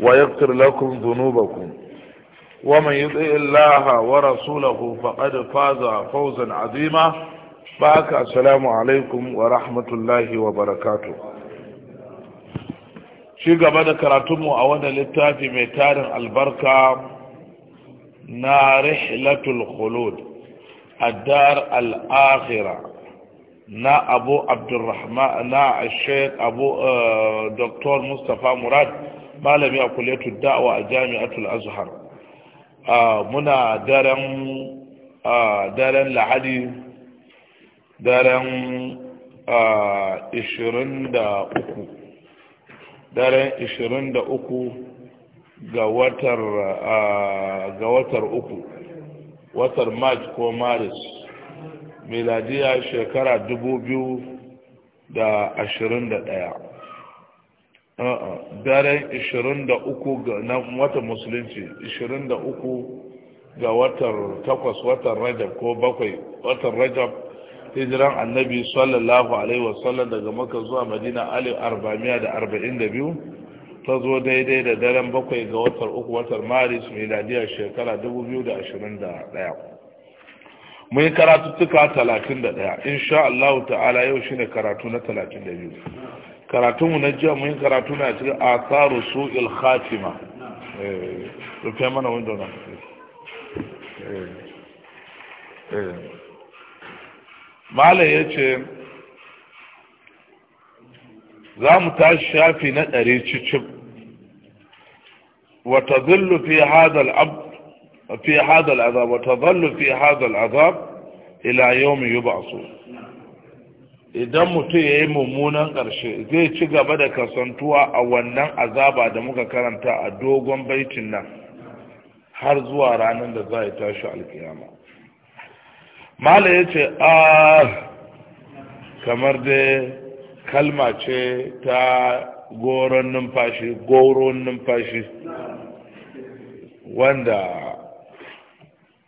ويغفر لكم ذنوبكم ومن يضع الله ورسوله فقد فاز فوزا عظيما باك السلام عليكم ورحمة الله وبركاته شيء قبل كراتم أولا للتاج ميتار البركة نا رحلة الخلود الدار الآخرة نا أبو عبد الرحمن نا الشيخ أبو آه، دكتور مصطفى مراد malami a kulletu da'awa a jami'atul azhar muna daren daren lahadi daren ishirin da uku daren ishirin da uku ga watar ga watar uku watar march ko maris miladiya shekara dubu biyu da ashirin da ɗaya daren 23 ga na watan musulunci 23 ga watan takwas watan rajab ko bakwai watan rajab hijiran annabi sallallahu alaihi wasallam daga maka zuwa madina alif 442 ta zo daidai da daren bakwai ga watan uku watan maris miladiyar shekara 2021 mun yi tuka 31 insha Allah ta'ala yau shine karatu na 32 mu na jiya mun karatu na cikin asaru su'il khatima eh rufe mana window na malam ya ce za mu ta shafi na ɗari cicin wata zillu fi hadal abd في هذا العذاب وتظل في هذا العذاب إلى يوم يبعثون idan mutum ya yi mummunan ƙarshe zai ci gaba da kasantuwa a wannan azaba da muka karanta a dogon baitin nan har zuwa ranar da za a yi tashi alkiyama mala ya ce a ah, kamar da kalma ce ta goron numfashi goron numfashi wanda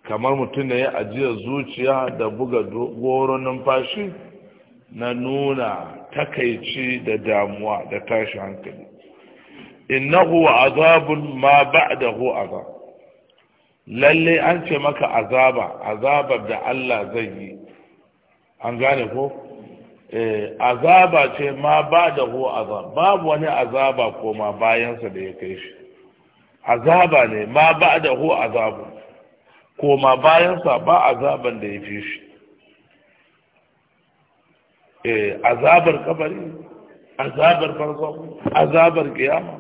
kamar mutum ne ya ajiyar zuciya da buga goron numfashi na nuna takaici da damuwa da tashi hankali innahu azabun ma ba'dahu azab lalle an ce maka azaba azabar da Allah zai yi an gane ko Eh azaba ce ma ba'dahu azab babu wani azaba koma bayansa da ya kai shi azaba ne ma ba'dahu azabu koma bayansa ba azaban da ya fi shi Eh, azabar kabari azabar farko azabar kiyama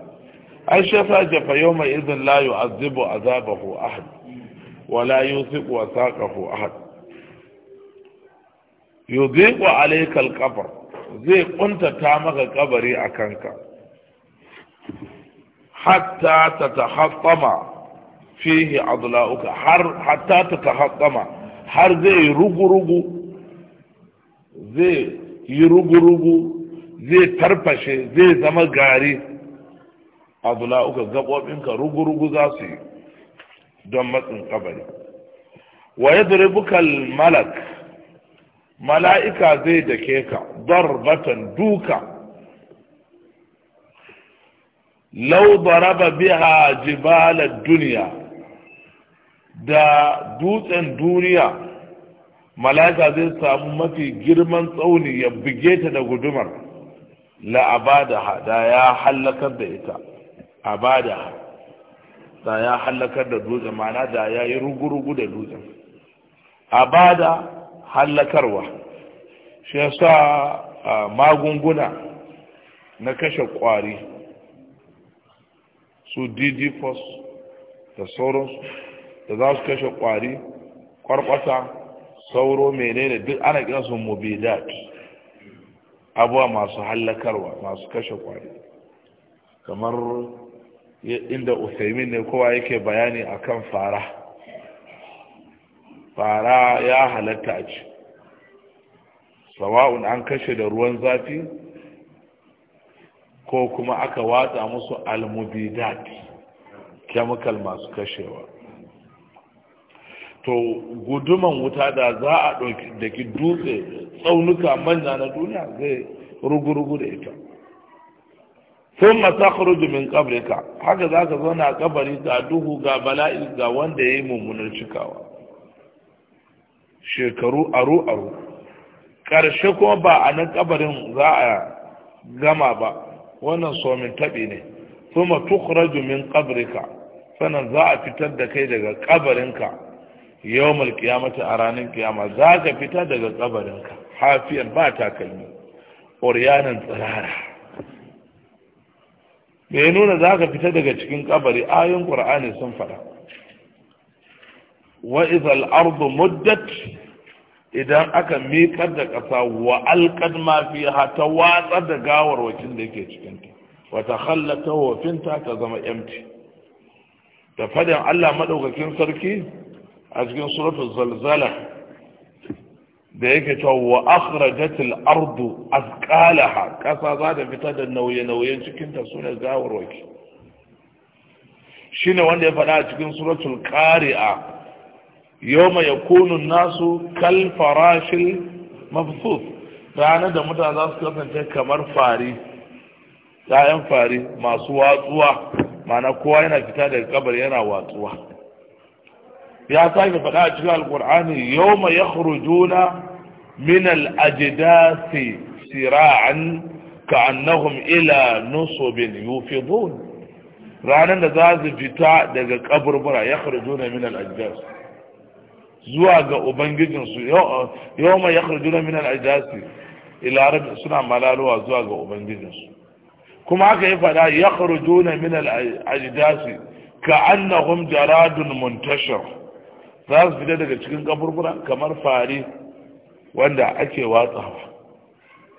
an shafa ja fa mai idan la yu'azibu azabahu ahad wala yusiku wa saƙahu ahad yuziku alaikal kabar zai ta maka kabari a kanka hatta ta fihi adla'uka har hatta ta har zai rugu-rugu zai yi rugu-rugu zai tarfashe zai zama gari a zula'uka gaɓoɓinka rugu-rugu za su yi don matsin kabari wa ya malak mala'ika zai da dake ka batan duka lau baraba biha jibalar duniya da dutsen duniya mala'ika zai samu mafi girman tsauni ya buge ta da gudumar abadaha da ya hallakar da ita abadaha da ya hallakar da dutsen mana da ya yi rugurugu da dutsen abada hallakarwa shi yasa magunguna na kashe kwari su dd da sauransu da za su kashe kwari kwarkwata sauro menene duk ana su mubidat abuwa masu hallakarwa masu kashe kwari kamar inda uthaymin ne kowa yake bayani akan fara fara ya halatta a ci sawa'un an kashe da ruwan zafi ko kuma aka watsa musu almubidat chemical masu kashewa to guduman wuta da za a ɗauki da ki dutse tsaunuka manya na duniya zai rugurugu da ita sun masakuru min kabrika haka za ka zauna a kabari ga duhu ga bala'i ga wanda ya yi mummunar cikawa shekaru aru-aru ƙarshe kuma ba a nan kabarin za a gama ba wannan somin taɓi ne sun matukura min kabrika sannan za a fitar da kai daga kabarinka yawmal kiyamata a ranar kiyama za ka fita daga tsabarinka hafiyar ba takalmi ƙuryanin tsirara me nuna za ka fita daga cikin kabari ayin ƙura'ani sun fada wa izal ardu muddat idan aka miƙar da ƙasa wa alƙad ma ha ta watsar da gawar gawarwakin da yake cikinta wata ta hallata ta zama yamti da fadin Allah maɗaukakin sarki a cikin suratul zalzala da yake cewa wa akhrajatil ardu azqalaha kasa za ta fitar da nauye-nauyen cikin ta sunan gawarwaki shine wanda ya faɗa a cikin suratul qari'a yawma yakunu nasu kal farashil mabthuth ranar da mutane za su kasance kamar fari ƴaƴan fari masu watsuwa ma'ana kowa yana fita daga kabar yana watsuwa ya sake faɗa a cikin alkur'ani yau ma ya juna min al'ajidasi sira'an ka'annahum ila nusubin yufidun ranar da za su fita daga kaburbura ya juna min al'ajidasi zuwa ga ubangijinsu yau ma ya juna min al'ajidasi ilarar suna malaluwa zuwa ga ubangijinsu kuma aka yi faɗa ya juna min al'ajidasi ka'annahum jaradun muntashar za su fita daga cikin kaburbura kamar fari wanda ake watsawa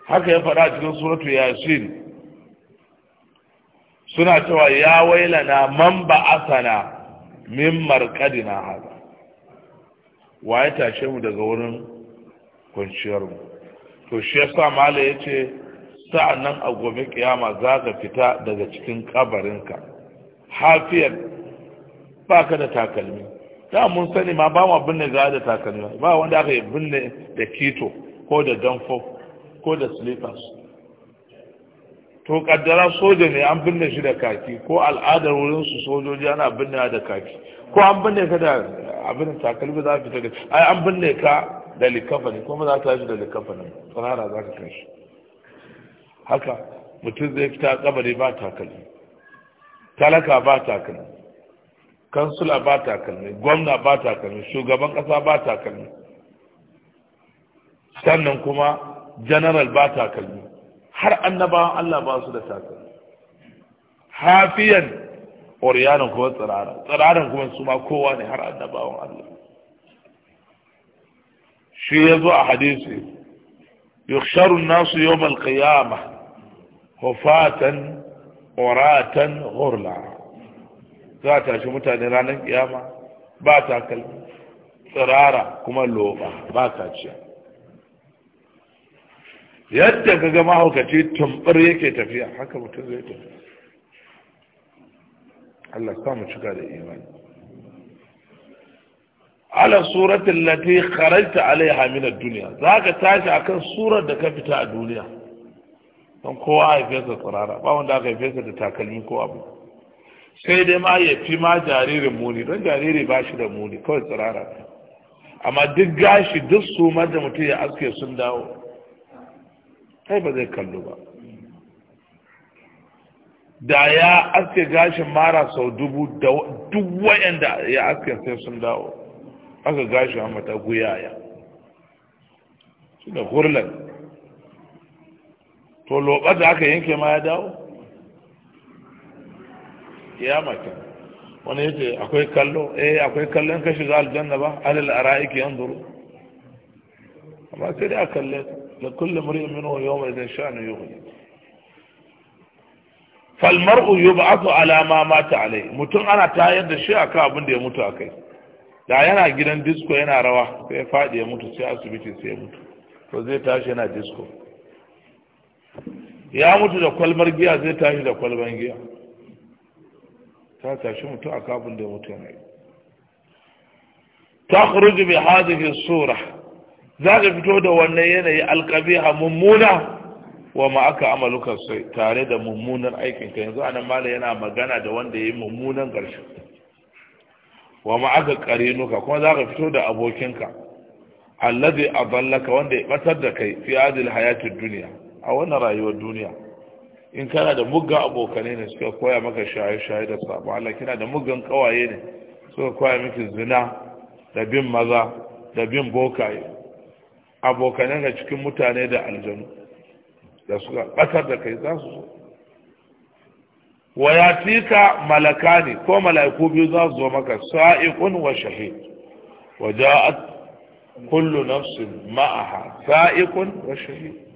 haka ya faɗa cikin suratu yasin suna cewa ya wailana man ba asana min markadina haka wa ya tashe mu daga wurin kwanciyarmu to shi ya sa mala ya ce nan a gobe kiyama za ka fita daga cikin kabarinka hafiyar ba ka da takalmi da mun sani ma ba mu binne ga da takalma ba wanda aka yi binne da kito ko da danfo ko da slippers to kaddara soja ne an binne shi da kaki ko al'adar wurin su sojoji ana binne da kaki ko an binne ka da abin takalmi za fi da ai an binne ka da likafa ne kuma za ta shi da likafa ne tsarara za ka kai shi haka mutum zai fita kabari ba takalmi talaka ba takalmi kansula ba ta takalmi gwamna ba ta takalmi shugaban kasa ba ta takalmi sannan kuma general ba ta takalmi har annabawan Allah ba su da takalmi hafiyan oriyanin kuma tsirara tsiraran kuma su ma kowa ne har annabawan Allah shi ya zo a hadisi yuksharu nasu yawmal qiyamah hufatan uratan ghurla za a tashi mutane ranar kiyama ba kal tsirara kuma loba ba kaciya yadda ka ga mahaukaci tumbar yake tafiya haka mutum zai tafi Allah mu cika da imani ala suratin lati kharajta alaiha min ad-dunya zaka tashi akan surar da ka fita a duniya don kowa fesa tsirara ba wanda aka fesa da takalmi ko abu sai dai ma ya fi ma jaririn muni don jariri ba shi da muni kawai tsirara amma duk gashi duk su da mutum ya aske sun dawo kai ba zai kallo ba da ya aske gashin mara sau dubu duk wayanda ya aske sai sun dawo aka gashi a mata guyaya su da hurlan to lobar da aka yanke ma ya dawo kiyama kin wani yace akwai kallo eh akwai in ka shiga aljanna ba alal araik yanzuru amma sai da kalle la kullu mar'in minhu yawma idan sha'nu yughni fal mar'u yub'athu ala ma mata alai mutum ana tayar da shi akan abin da ya mutu akai da yana gidan disco yana rawa sai faɗi ya mutu sai asibiti sai ya mutu to zai tashi yana disco ya mutu da kwalbar giya zai tashi da kwalbar giya ta tashi mutu a kafin da mutu yana yi ta kuruji bi hadihi sura za ka fito da wannan yanayi a mummuna wa ma aka amaluka sai tare da mummunan aikin ka yanzu anan mala yana magana da wanda yayi mummunan karshe wa ma aka karinuka kuma za ka fito da abokinka a ballaka wanda ya batar da kai fi adil hayatid duniya a wannan rayuwar duniya in kana da muggan abokanai ne suka koya maka shaye-shaye da sabo Allah kina da muggan kawaye ne suka koya miki zina da bin maza da bin bokaye abokanai ga cikin mutane da aljanu da suka ɓatar da kai za su zo wa yatika malakani ko malaiku biyu za su zo maka sa'iqun wa shahid wa ja'at kullu nafsin ma'aha sa'iqun wa shahid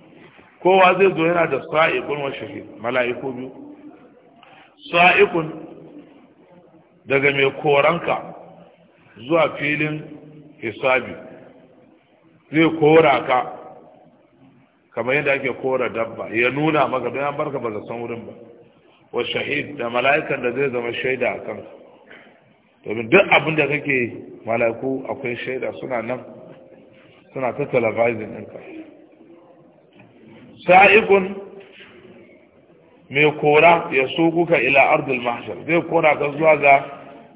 kowa zai zo yana da sa'ikun wa mala'iku biyu sa'ikun daga mai koranka zuwa filin hisabi zai kora ka kamar yadda ake kora dabba ya nuna maka don an barka ba da san wurin ba wa shahid da mala'ikan da zai zama shaida a kan domin duk abin da kake mala'iku akwai shaida suna nan suna ta televising ɗinka sa'iqun mai kora ya so kuka ila ardul mahshar zai kora ka zuwa ga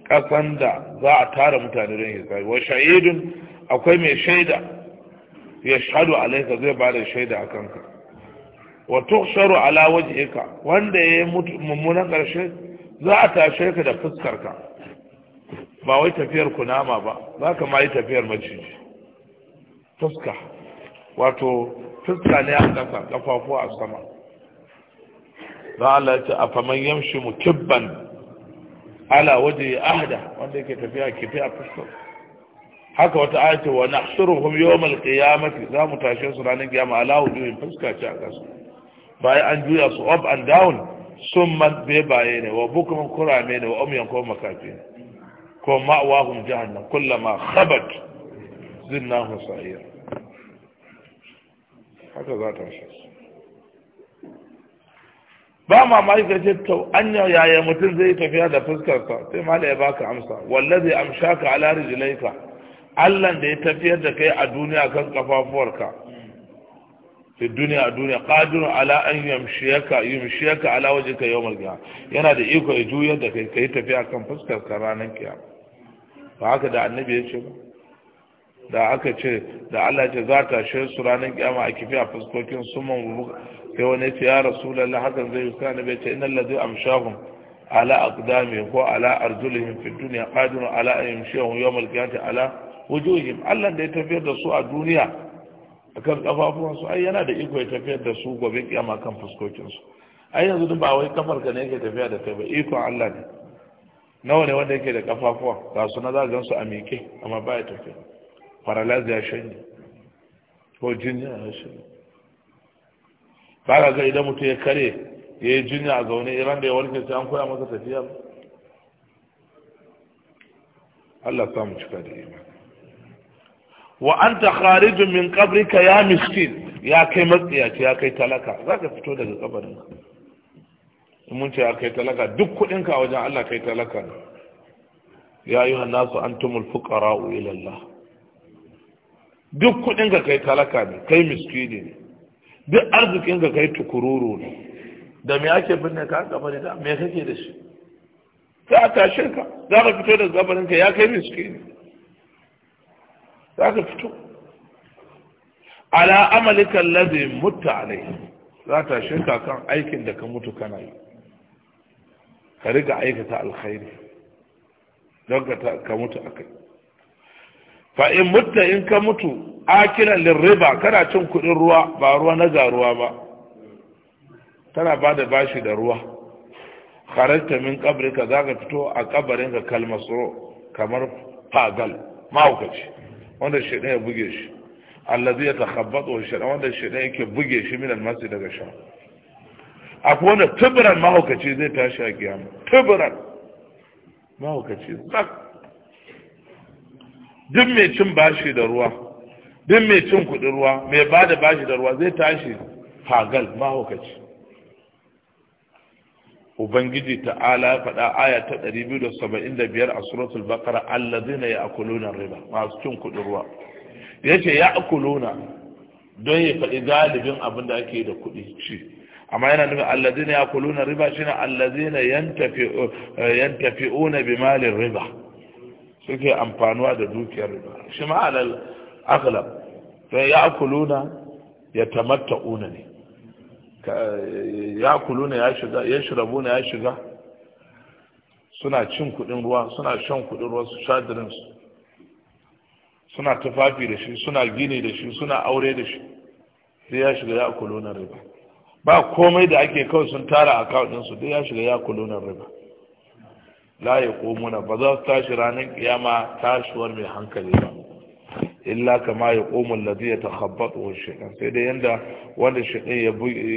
kasan da za a tara mutane don hisabi wa shahidun akwai mai shaida ya shahadu alaika zai ba da shaida a kanka wa tuhsharu ala wajhika wanda ya yi mummunan karshe za a tashe ka da fuskar ka ba wai tafiyar kunama ba za ka ma yi tafiyar maciji fuska wato fuska ne a ƙasa ƙafafu a sama za a ya ce a faman yamshi mu kibban ala waje ya ahda wanda yake tafiya kifi a fuska haka wata ayata wa nahsuruhum yawmal qiyamati za mu tashe su ranar kiyama ala wujuhin fuska ce a ƙasa bayan an juya su up and down sun man baye ne wa bukumin kurame ne wa umyan ko makafi ko ma'awahum jahannam kullama khabat zinnahum sa'ira haka za ta shi ba mamaki ka ce to ya yaya mutum zai tafiya da fuskarsa sai ma da ya baka amsa wallazi amshaka ala rijlaika Allah da ya tafiyar da kai a duniya kan kafafuwarka fi duniya a duniya qadirun ala an yamshiyaka yumshiyaka ala wajhika yawmal qiyamah yana da iko ya juyar da kai kai tafiya kan fuskarka ranar kiyama ba haka da annabi ya ce ba da aka ce da Allah ce za ta shi su ranar kyama a kifi a fuskokin suman sai wani ce ya rasulallah hakan zai yusa na bai ce inna ladhi amshahum ala aqdamihim ko ala arjulihim fi dunya qadirun ala an yamshihum yawm al-qiyamati ala wujuhihim Allah da ya tafiyar da su a duniya akan kafafuwan su ai yana da iko ya tafiyar da su gobe kiyama kan fuskokin su ai yanzu duk ba wai kafar ka ne yake tafiya da kai ba iko Allah ne nawa ne wanda yake da kafafuwa ga su na za gansu a mike amma ba ya tafiya paralyze ya ne, ko jinya ne. Ba kaga ga idan mutum ya kare ya yi jinya a zaune iran da ya warke sai an koya masa tafiya Allah samu cika da iman wa an ta kharijun min kabrika ya miskin ya kai matsiyaci ya kai talaka za ka fito daga kabarin mun ce ya kai talaka duk kudinka a wajen Allah kai talaka ya yi nasu an tumul fukara ila Allah duk kudin ga kai talaka ne kai miskini ne duk arzikin ka kai tukururu ne da me ake binne ka gaba da me kake da shi ka a shirka ka za ka fito da gabanin ka ya kai miskini za ka fito ala amalika allazi mutta alai za ta shirka kan aikin da ka mutu kana yi ka riga aikata alkhairi don ka mutu akai fa in mutta in ka mutu akilan lirriba kana cin kuɗin ruwa ba ruwa na garuwa ba tana ba da bashi da ruwa kharajta min qabrika zaka fito a kabarin ka kalmasro kamar fagal mahaukaci wanda shi ya buge shi allazi ya takhabbatu wa shaytan wanda shi yake buge shi min almasi daga sha akwai wanda tuburan mahaukaci zai tashi a kiyama tuburan mahaukaci zak duk mai cin bashi da ruwa duk mai cin kuɗin ruwa mai ba da bashi da ruwa zai tashi hagal mahaukaci ubangiji ta'ala ya faɗa aya ta 275 a suratul ya a ya'kuluna riba masu cin kuɗin ruwa Ya ce a kuluna don ya faɗi galibin abin da ake da kuɗi ci amma yana nufin a ya'kuluna riba shi shine allazina yantafi'una malin riba suke amfanuwa da dukiyar riba shi ma alal aghlab fa ya'kuluna yatamatta'una ne ya'kuluna ya shiga ya shirabuna ya shiga suna cin kudin ruwa suna shan kudin ruwa su sha su suna tufafi da shi suna gini da shi suna aure da shi sai ya shiga ya'kuluna riba ba komai da ake kawai sun tara account din su dai ya shiga ya'kuluna riba la yaqumuna ba za su tashi ranar kiyama tashiwar mai hankali ba illa kama ya ta alladhi wa shaytan sai dai yanda wanda shaytan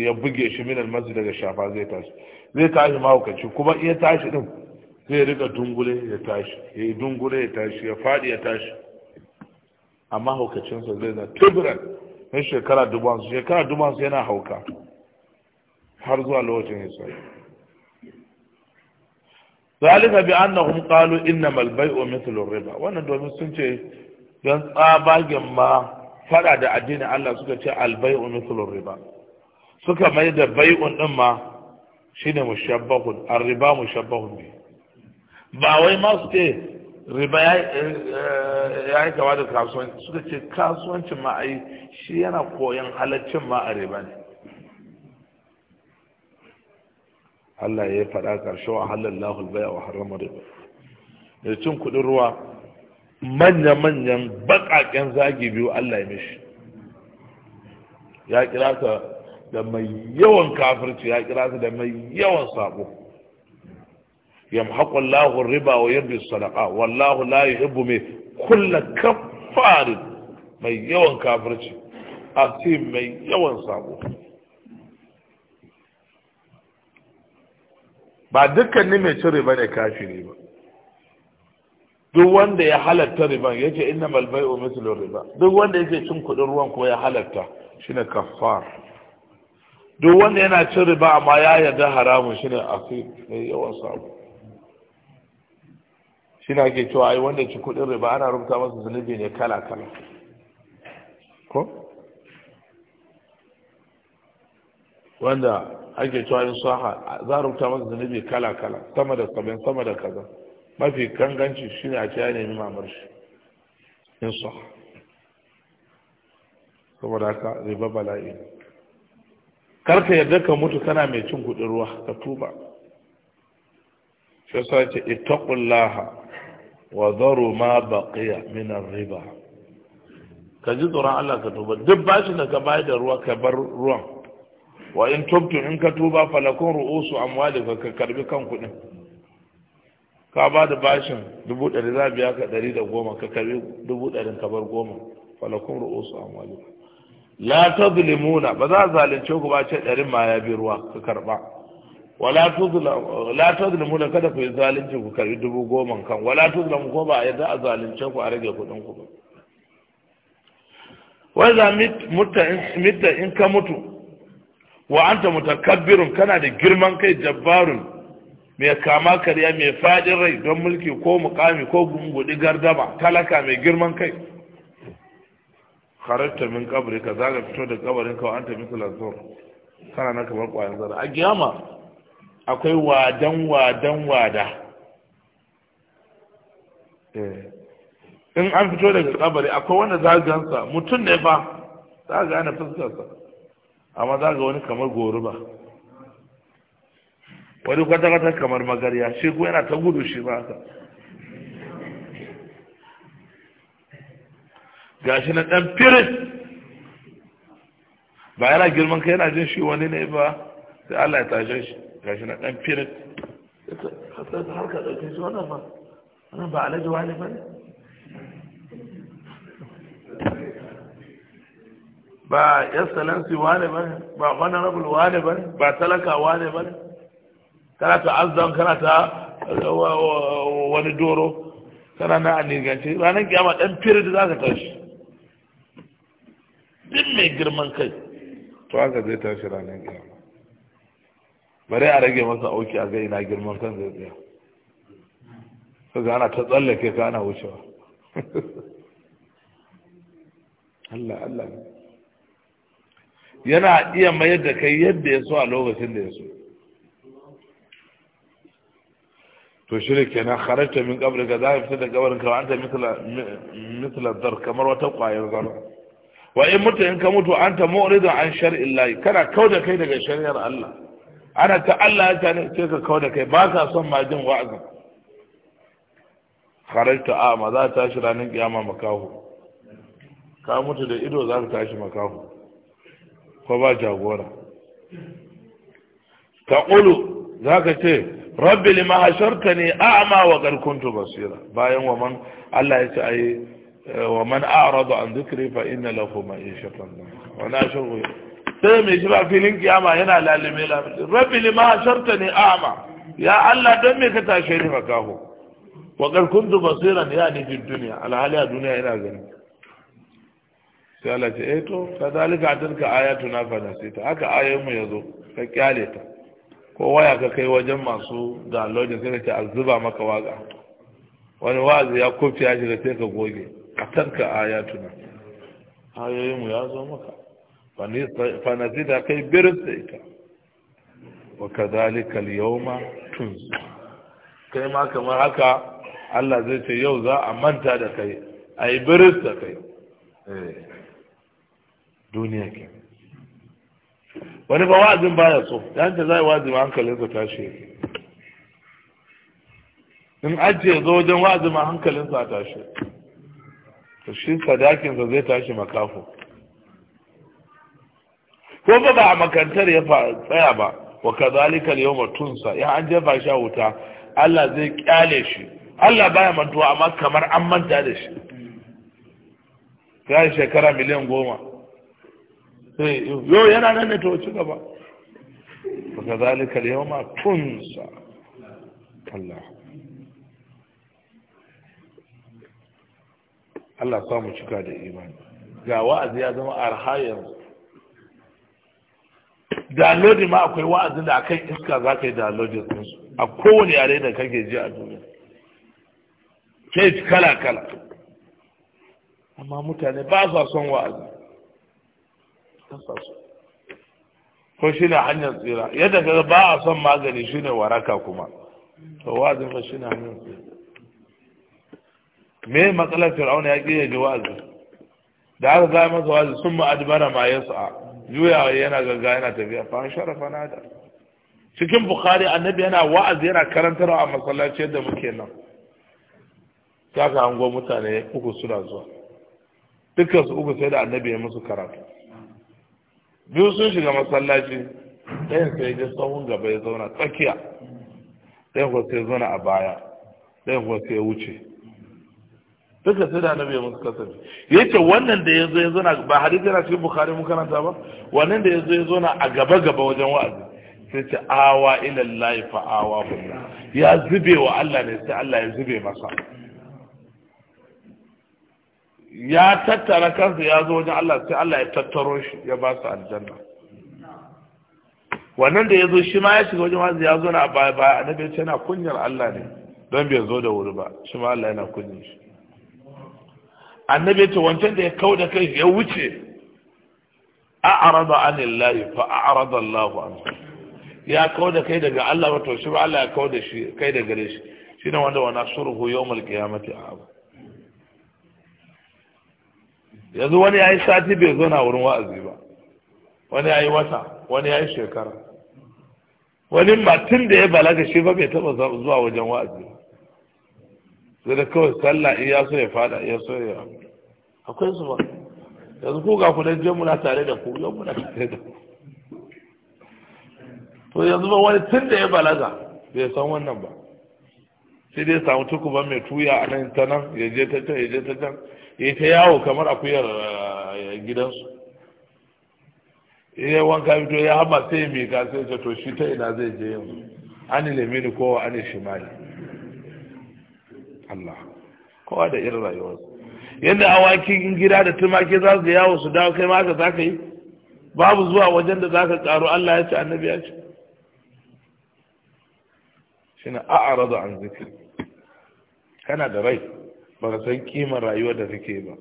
ya buge shi min almasjid daga shafa zai tashi zai tashi mahaukaci kuma iya tashi din zai rika dungule ya tashi ya yi dungule ya tashi ya fadi ya tashi amma haukacinsa zai na tubiran na shekara dubansu shekara dubansu yana hauka har zuwa lokacin ya zalika bi annahum qalu innamal bai'u mithlu riba wannan domin sun ce don tsabagen ma fada da addinin Allah suka ce al bai'u mithlu riba suka mai da bai'un din ma shine mushabbahun ar riba mushabbahun bi ba wai ma su ce riba eh, ya yi kama da kasuwanci suka ce kasuwancin ma ai shi yana koyon halaccin ma a riba ne Allah ya faɗa ƙarshe wa halallahu albaya wa harrama riba da cin kuɗin ruwa manya-manyan baƙaƙen zagi biyu Allah ya mishi ya kira ta da mai yawan kafirci ya kira ta da mai yawan ya yamhaqu Allahu riba wa yurbi sadaqa wallahu la yuhibbu mai kullu kaffarin mai yawan kafirci a asim mai yawan sabo ba dukkanin mai cire ba ne kafiri ba duk wanda ya halatta riba yake inna malbai o mislin riba duk wanda yake cin kudin ruwan ko ya halatta shine kafar duk wanda yana cin riba amma ya yarda haramun shine afi mai yawan sabu shine ake cewa ai wanda ci kudin riba ana rubuta masa zunubi ne kala kala ko wanda ake cewa saha za a rubuta masa zunubi kala kala sama da saba'in sama da kaza mafi kanganci shine a ce ne nemi mamar shi in saha saboda haka riba bala'i karka yadda ka mutu kana mai cin kudin ruwa ka tuba shi sa ce ittaqullaha wa dharu ma baqiya min ar-riba ka ji tsoron Allah ka tuba duk bashin da ka bayar da ruwa ka bar ruwan wa in tubtum in ka tuba falakun ru'usu amwalika ka karbi kan kudin ka ba da bashin dubu ɗari za biya ka ɗari da goma ka karbi dubu ɗarin ka bar goma falakun ru'usu amwalika la tadlimuna ba za a zalunce ku ba ce ɗarin ma ya bi ruwa ka karba wala la kada ku yi ku karbi dubu goma kan wala tuzlamu ko ba a yarda a zalunce ku a rage kudin ku ba wai za mutta in ka mutu wa anta mutakabbirun kana da girman kai jabbarun mai kama karya mai fadin rai don mulki ko mukami ko gungudi gardama talaka mai girman kai kharajta min ka zaka fito da kabarin ka wa anta mithla zur kana na kamar kwayan zara a giyama akwai wadan wadan wada eh. in an fito daga kabari akwai wanda za gansa mutum ne fa za ga ana fuskarsa amma za ga wani kamar ba wani kwata-kwata kamar magarya shi ko yana ta gudu shi ba haka shi na ɗan firis ba yana girman kai yana jin shi wani ne ba sai Allah ya tashe shi shi na ɗan firis har ka ɗauke shi wannan ba wannan ba alaji wani ba ne ba excellency wane ba ne ba honorable wane ba ne ba talaka wane ba ne kana ta azzan kana ta wani doro kana na anigance ranar kiyama dan period za ka tashi din mai girman kai to haka zai tashi ranar kiyama bare a rage masa auki a ga ina girman kan zai tsaya kaga ana ta tsallake ka ana wucewa Allah Allah yana iya mayar da kai yadda ya so a lokacin da ya so to shirin kenan kharajta min qabri ka zaka fita da gabarin ka anta mithla mithla dar kamar wata kwayar zarra wa in mutu in ka mutu anta mu'ridun an shar'i Allah kana kauda kai daga shari'ar Allah ana ta Allah ya tani sai ka kauda kai ba ka son ma jin wa'azi kharajta a ma za ta tashi ranar kiyama makahu ka mutu da ido za ka tashi makahu ko ba jagora za ka ce rabbi lima a a'ma wa garkuntu basira bayan wa man Allah ya ce yi wa man rado an zikiri fa inna lahu wani wa nashru sai mai shi ba filin kiyama yana lalime lalime rabbi lima a a'ma ya Allah don me ka tashe ni makaho wa garkuntu basira ne ya nufin duniya alhali a duniya ina gani sai Allah ce eh to kadalika atarka fada sai ta haka ayoyin mu yazo ka kyale ta ko waya ka kai wajen masu downloading sai ka ce zuba maka waka wani wazi ya kofi ya shiga sai ka goge a atarka ayatuna ayoyin mu yazo maka fa nasita kai birin sai ita wa kadalika al-yawma tun kai ma kamar haka Allah zai ce yau za a manta da kai a yi biris da kai eh. duniya ke wani ba wa'azin baya so yan a zai wa'azin hankalinsa tashi in ajiye zo wajen wa'azin ma hankalinsa tashi to shi sadakinsa zai tashi makafo ko ba ba a makantar ya tsaya ba wa kazalika yawma tunsa ya an jefa shi a wuta Allah zai kyale shi Allah baya mantuwa amma kamar an manta da shi ya shekara miliyan goma yau yana nan ne to ci gaba ba ka zalika yau ma tunsa Allah Allah mu cika da imani ga wa'azi ya zama arha yanzu downloading ma akwai wa'azin da akan iska za ka yi sun su. a kowane yare da kake ji a duniya sai kala kala amma mutane ba sa son wa'azi ko shi ne hanyar tsira yadda ka ba a son magani shi ne waraka kuma to wa'azin fa shi ne hanyar tsira me matsalar fir'auna ya ƙi yaji wa'azin? da aka gaya masa wa'azi sun adibara ma ya sa'a juyawa yana gaggawa yana tafiya fa sharafa na da cikin bukhari annabi yana wa'azi yana karantarwa a masallaci yadda muke nan ta ka hango mutane uku suna zuwa dukkan su uku sai da annabi ya musu karatu biyu sun shiga masallaci ɗayan sai ya sahun gaba ya zauna tsakiya ɗayan kuwa sai zauna a baya ɗayan kuwa sai ya wuce duka sai da annabi ya musu kasafi ya ce wannan da ya zo ya zauna ba hadisi yana cikin bukari mun karanta ba wannan da ya zo ya zauna a gaba gaba wajen wa'azi sai ce awa ila lahi fa awa bunna ya zube wa Allah ne sai Allah ya zube masa ya tattara kansa ya zo wajen Allah sai Allah ya tattaro shi ya ba su aljanna wannan da ya zo shi ma ya shiga wajen wanzu ya zo na baya baya a nabi ce na kunyar Allah ne don bai zo da wuri ba shi ma Allah yana kunyar shi annabi ce wancan da ya kau da kai ya wuce arada anillahi fa a'arada Allahu anhu ya kau da kai daga Allah to shi ba Allah ya kau da shi kai daga gare shi shine wanda wa nasuruhu yawmal qiyamati a'ab yanzu wani ya yi sati bai zo na wurin wa'azi ba wani ya yi wata wani ya yi shekara wani matin da ya balaga shi ba bai taba zuwa wajen wa'azi ba sai da kawai sallah iya so ya fada iya so ya akwai su ba yanzu ko ga ku dan je muna tare da ku yau muna tare da ku to yanzu ba wani tun da ya balaga bai san wannan ba sai dai samu tukuban mai tuya a nan ta nan ya je ta can ya je ta can ya eh, ta yawo kamar akuyar eh, gidansu ya eh, wanka fito ya hama sai mai ka sai ce to shi ta ina zai je yanzu ani lemini kowa ani shimali Allah kowa da irin rayuwar yadda awakin gida da tumaki za su yawo su dawo kai maka za ka yi babu zuwa wajen da za ka karu Allah ya ce annabi ya ce shi na a'arada an zikir kana da rai ba ka san kimar rayuwar da kake ba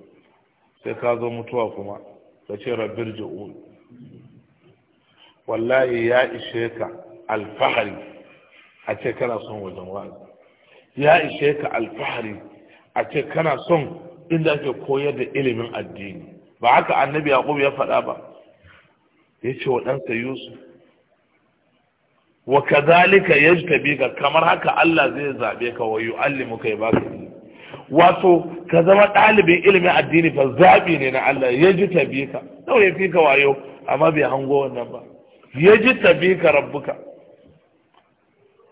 sai ka zo mutuwa kuma ka ce rabbir ji'un wallahi ya ishe ka alfahari a ce kana son wajen wa'azi ya ishe ka alfahari a ce kana son inda ake koyar da ilimin addini ba haka annabi yaqub ya faɗa ba ya ce wa ɗansa yusuf wa kadhalika yajtabika kamar haka Allah zai zabe ka wa yu'allimuka ya baka wato ka zama ɗalibin ilimin addini fa zaɓi ne na Allah ya ji tabi ka nawa ya fi ka wayo amma bai hango wannan ba ya ji tabi ka rabbuka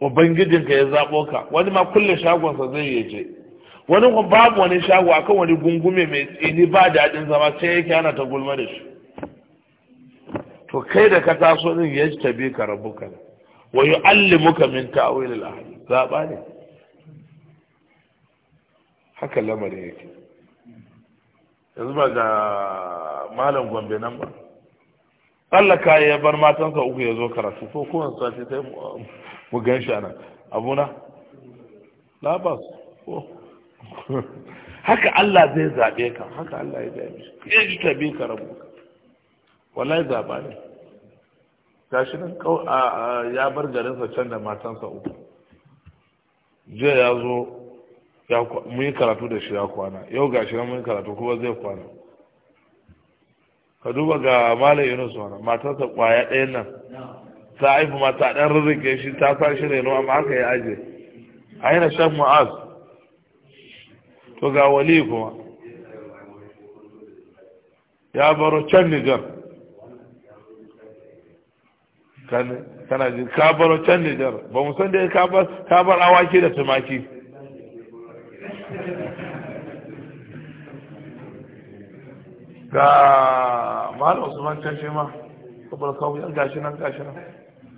ubangijinka ya zaɓo ka wani ma kulle shagonsa zai ya je wani kuma babu wani shago akan wani gungume mai tsini ba daɗin zama sai yake ana ta gulma da shi to kai da ka taso din ya ji tabi ka rabbuka wa yu'allimuka min ta'wil ahadith zaɓa ne haka lamarin yake yanzu ba ga malam gombe nan ba tsallaka ya bar matansa uku ya zo karatu ko kowane sati sai mu gan shi ana abuna labas haka Allah zai zaɓe ka haka Allah ya zaɓe ya ji tabi ka rabu wallahi zaɓa ne shi nan ya bar garinsa can da matansa uku jiya ya zo mun yi karatu da shi ya kwana yau ga shi nan mun yi karatu kuma zai kwana ka duba ga malam yunus wani matarsa kwaya ɗaya nan ta haifu ma ta ɗan rurrike shi ta sa shi ne amma aka yi aje a yana shan mu'az to ga wali kuma ya baro can nijar kana ji ka baro can nijar ba mu san da ya kabar awaki da tumaki ga malam usman can shi ma kabar kawo yan gashi nan gashi nan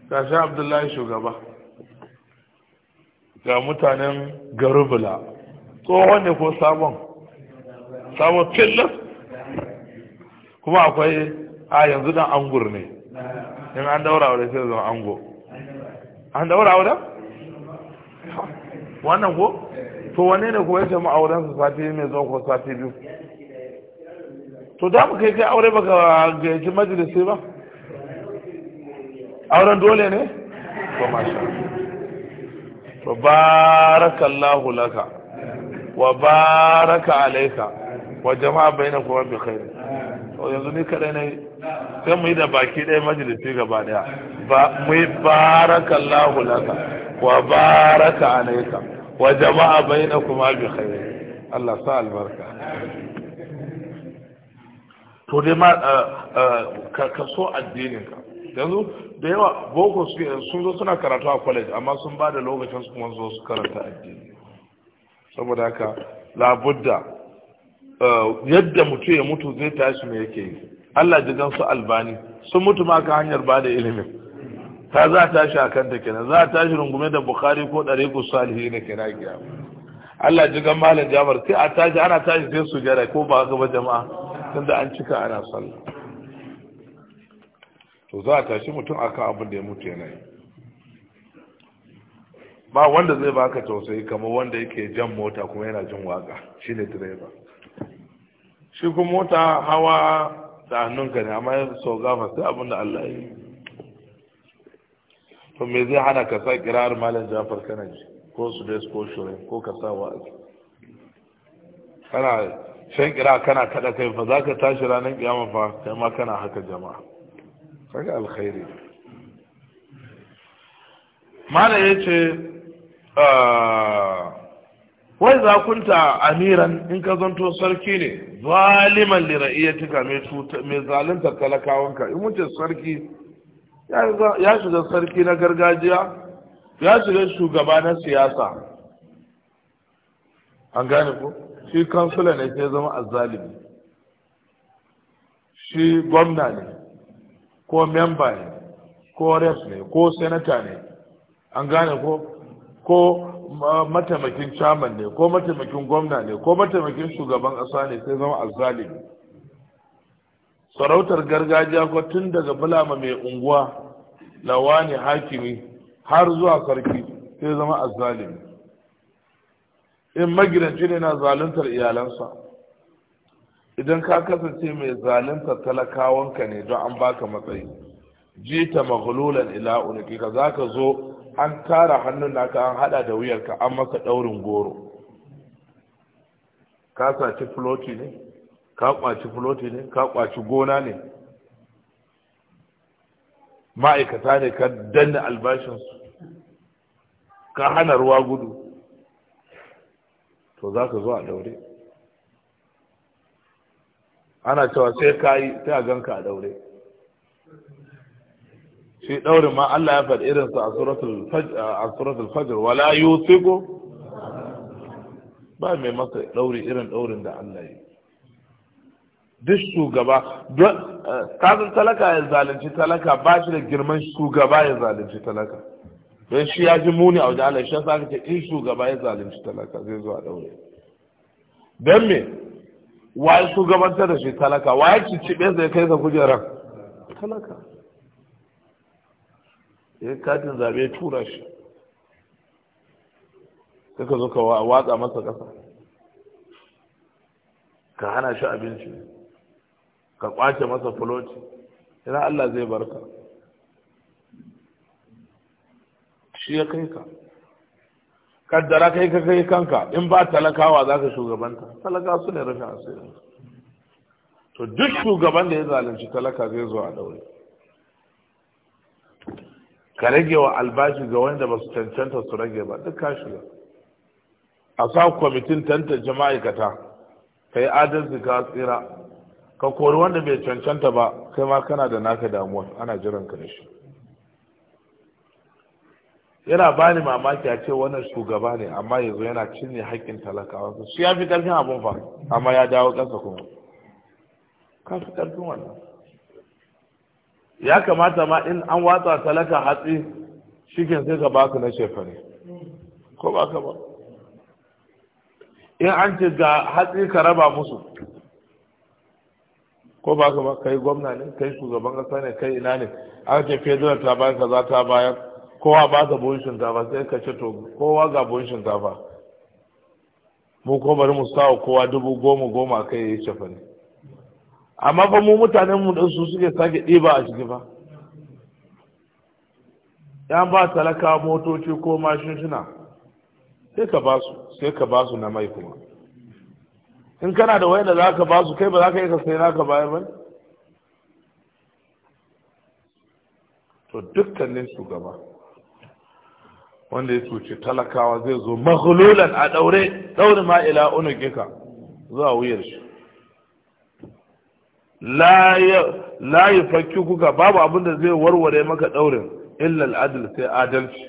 gashi abdullahi shugaba ga mutanen garubula tsohon ne ko sabon sabon fillas kuma akwai a yanzu dan angur ne in an daura wadda sai zama ango an daura wadda wannan ko to wane ne kuma ya samu auren su sati mai zuwa ko sati biyu to da mu kai kai aure baka gayyaci majalisi ba auren dole ne to masha to barakallahu laka wa baraka alaika wa jama'a kuma bi khair to yanzu ni kadai ne sai mu yi da baki ɗaya majalisi gaba daya ba mu yi barakallahu laka wa baraka alaika wa jama'a bainakuma bi khair Allah sa albarka to dai ma ka so yanzu da yawa boko sun zo suna karatu a college amma sun ba da lokacin su kuma zo su karanta addini saboda haka labudda yadda mutu ya mutu zai tashi me yake yi Allah jigan su albani sun mutu maka hanyar ba da ilimin ta za ta shi a kanta kenan za ta shi rungume da bukhari ko ku salihi ne kenan kiya Allah ji gan malam Jafar sai a tashi ana tashi sai su jira ko ba ga ba jama'a tunda an cika ana sallah to za a tashi mutum akan abin da ya mutu yana yi ba wanda zai baka tausayi kamar wanda yake jan mota kuma yana jin waka shine direba shi kuma mota hawa da hannunka ne amma sau gafa sai abin da Allah ya yi to me zai hana ka sa kirar malam jafar kana ji ko su dai ko shure ko ka sa kana shan kira kana kada kai fa zaka tashi ranar kiyama fa kai ma kana haka jama'a kaga alkhairi malam yace ah, wai za kunta amiran in ka zanto sarki ne zaliman li ra'iyatika mai zalunta talakawanka in wuce sarki ya shiga sarki na gargajiya ya shiga shugaba na siyasa an gane ko shi kansula ne sai zama azalimi shi gwamna ne ko memba ne ko ref ne ko senata ne an gane ko ko mataimakin chairman ne ko mataimakin gwamna ne ko mataimakin shugaban ƙasa ne sai zama azzalimi sarautar gargajiya ko tun daga bulama mai unguwa lawani hakimi har zuwa sarki sai zama azzalimi in magidanci ne na zaluntar iyalansa idan ka kasance mai zaluntar talakawanka ne don an baka matsayi jita maghlulan ila za zaka zo an tara hannun naka an hada da wuyarka an maka daurin goro ka saci floti ne ka kwaci floti ne ka kwaci gona ne ma'aikata ne ka danna albashinsu ka hana ruwa gudu to za ka zo a daure ana cewa sai ka yi sai a ganka a daure shi daure ma Allah ya faɗi irinsa a suratul fajr wala yusiku ba mai masa dauri irin daurin da Allah yi duk shugaba eh, kasan talaka ya zalunci talaka ba shi da girman shugaba ya zalunci talaka don shi ya ji muni a wajen Allah shi yasa ce in shugaba ya zalunci talaka zai zo a daure don me waye shugabantar da shi talaka waye cicibe zai kai sa kujeran talaka ya katin zabe tura shi kaka zo ka watsa masa kasa ka hana shi abinci ka kwace masa fuloti ina Allah zai barka shi ya kai ka kaddara kai ka kai kanka in ba talakawa za ka shugabanta talaka su ne rashin asiri to duk shugaban da ya zalunci talaka zai zo a daure ka rage wa albashi ga wanda ba su cancanta su rage ba duk kashi ba. a sa kwamitin tantance ma'aikata ka yi adalci ka tsira ka kori wanda bai cancanta ba kai ma kana da naka damuwa ana jiran ka da shi yana ba ni mamaki a ce wannan shugaba ne amma yanzu yana cinye haƙƙin talakawa su ya fi ƙarfin abin fa amma ya dawo ƙasa kuma ka fi ƙarfin wannan ya kamata ma in an watsa talaka hatsi shikin sai ka ba su na shefane ko ba ka ba in an ce ga hatsi ka raba musu ko ba ka kai gwamna ne kai shugaban kasa ne kai ina ne aka ce federal ta bayan kaza ta bayan kowa ba ka buhun shinkafa sai ka ce to kowa ga buhun shinkafa mu ko bari mu sa kowa dubu goma goma kai ya yi shafa ne amma fa mu mutanen mu su suke sake ɗiba a ciki ba yan ba talaka motoci ko mashinshina sai ka ba su sai ka ba su na mai kuma in kana da wayanda za ka ba su kai ba za ka yi ka sai naka baya ba to dukkanin shugaba wanda ya cuci talakawa zai zo maghlulan a daure daure ma ila unugika zuwa wuyar shi la yi fakki kuka babu abin da zai warware maka daurin illal al'adil sai adalci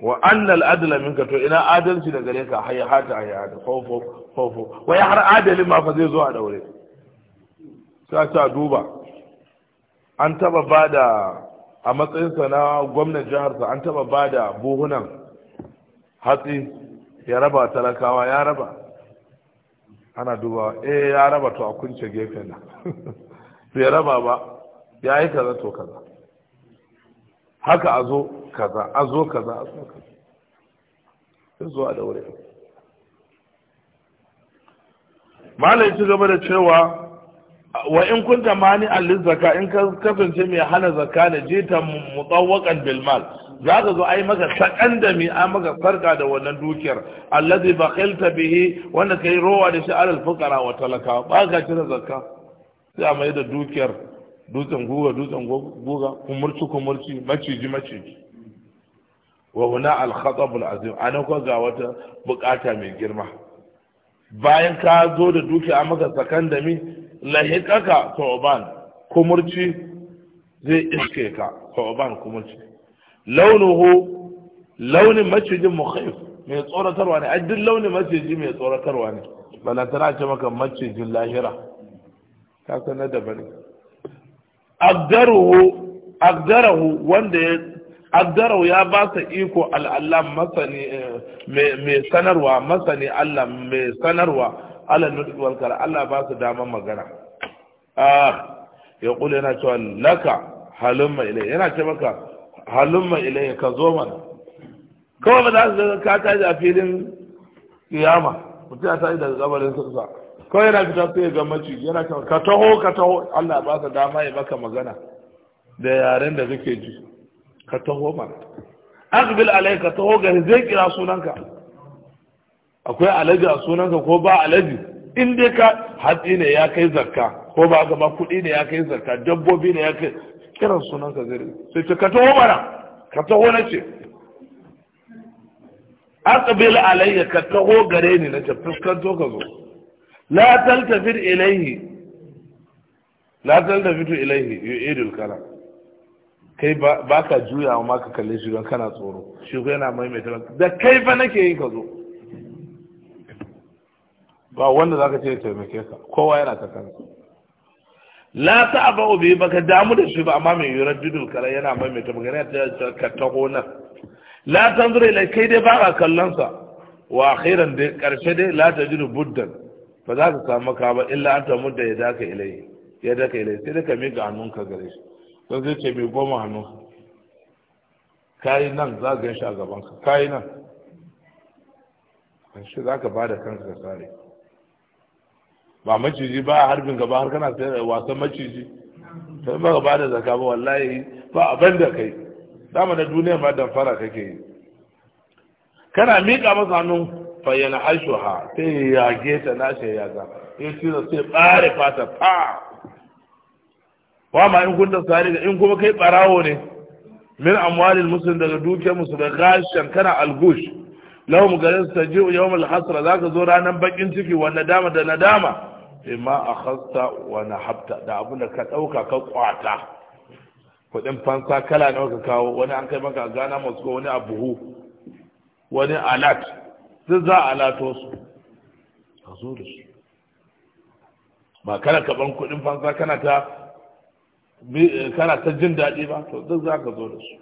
wa annal adla minka to ina adalci da gare ka hayya hata hayya hata fofo fofo ya har adalin ma fa zai zo a daure sai ta duba an taba bada a matsayin sa na gwamnan sa, an taba bada buhunan hatsi ya raba talakawa ya raba ana duba eh ya raba to a kunce gefen nan bai raba ba ya yi kaza to kaza haka a zo kaza a zo kaza a zo kaza sai zuwa da wuri malai ci gaba da cewa wa in kunta mani allin zaka in ka kasance mai hana zaka da jita mutawwakan bilmal za ka zo ai maka sakan da mi a maka farka da wannan dukiyar allazi bakhilta bihi wanda kai rowa da shi alal fuqara wa talaka ba ka cire zakka sai a mai da dukiyar dutsen guga dutsen guga kumurci kumurci maciji maciji wa huna al-khatab al-azim ana ko ga wata bukata mai girma bayan ka zo da duki a maka sakan da mi lahiqaka tawban kumurci zai iske ka tawban kumurci launuhu launin macijin mukhayif mai tsoratarwa ne addin launin maciji mai tsoratarwa ne tana ce maka macijin lahira ka sanar da bani agdarahu wanda ya agdarahu ya ba ta iko al'allah masani eh, mai sanarwa masani Allah mai sanarwa Allah nutsi walkar Allah ba su daman magana ah, ya kula yana cewa laka halumma ilai yana ce maka halumma ilai ka zo mana kawai ba za su ka tashi a filin kiyama mutum ya tashi daga gabarin sirsa ko yana fita sai ya zama ci yana kan ka taho ka taho Allah ba ka dama ya maka magana da yaren da kake ji ka taho mana aqbil alayka ka taho gari zai kira sunanka akwai alaji a sunanka ko ba alaji in dai ka hatsi ne ya kai zakka ko ba ga ba kuɗi ne ya kai zakka dabbobi ne ya kai kiran sunanka zai sai ce ka taho mana ka taho na ce aqbil alayka ka taho gare ni na ce fuskanto ka zo la taltafir ilaihi la taltafitu ilaihi yu'idul kalam kai ba ka juya ma ka kalle shi don kana tsoro shi ko yana maimaita da kai fa nake yi ka zo ba wanda ka ce taimake ka kowa yana ta kansa la ubi ba ka damu da shi ba amma mai yuraddidul kala yana maimaita magana ta ka taho nan la zura ilai kai dai ba ka kallon sa wa akhiran dai karshe dai la tajidu buddan ba za ka samu ka ba illa an tamu da ya daka ilai ya daka ilai sai ka miƙa hannunka gare shi sai zai ce mai goma hannu kayi nan za ka ganshi a gaban Ka kayi nan shi za ka ba da kanka ka sare ba maciji ba a harbin gaba har kana sai wasan maciji sai ba ka ba da zaka ba wallahi ba abin da kai dama na duniya ma damfara kake yi kana miƙa masa hannu fayyana ha sai ya yage ta shi ya in shi cizon sai bare fata fa wa ma in kunta sari in kuma kai barawo ne min amwalil muslim daga duke musu da gashan kana algush lahum garin sajiu yawmal hasra zaka zo ranar bakin ciki wa nadama da nadama bima akhadta wa nahabta da abin da ka dauka ka kwata kudin fansa kala nawa ka kawo wani an kai maka a Ghana Moscow wani a buhu wani a duk za a lato su ka zo da su ba kana kaban kuɗin fansa kana ta kana ta jin daɗi ba to duk za ka zo da su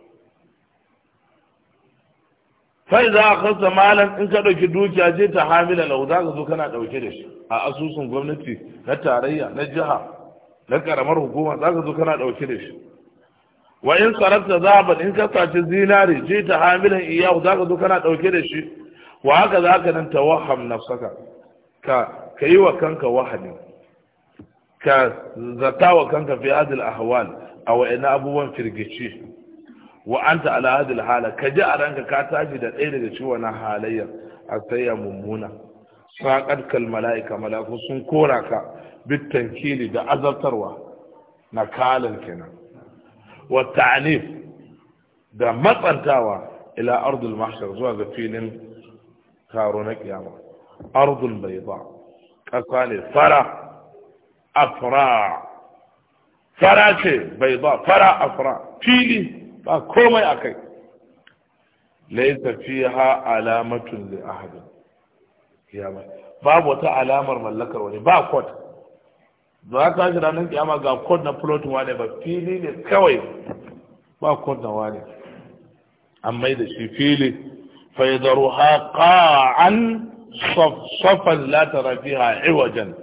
fai za a kasa malam in ka ɗauki dukiya je ta hamila lau za ka zo kana ɗauke da shi a asusun gwamnati na tarayya na jiha na ƙaramar hukuma za ka zo kana ɗauke da shi wa in sarrafa zaɓar in ka sace zinari je ta hamilan iyahu za ka zo kana ɗauke da shi wa haka za ka nan tawaham nafsaka ka ka yi wa kanka wahami ka zata wa kanka fi hadil ahwal a wa'ina abubuwan firgici wa anta ala hadil hala ka ji a ranka ka tashi da ɗaya daga ciwon na halayyar a sayya mummuna saƙar kal mala'ika sun kora ka bitankili da azabtarwa na kalin kenan wa ta'anif da matsantawa ila ardul mahshar zuwa ga filin taro na kiyama ardul bayda kasa ne fara afra fara ce bayda fara afra fili ba komai akai laysa fiha alamatun li ahad kiyama babu wata alamar mallakar wani ba kot za ka shi ranar kiyama ga kot na plot wane ba fili ne kawai ba kot na wane an mai da shi fili fa yadruha qa'an safsafan la tara fiha iwajan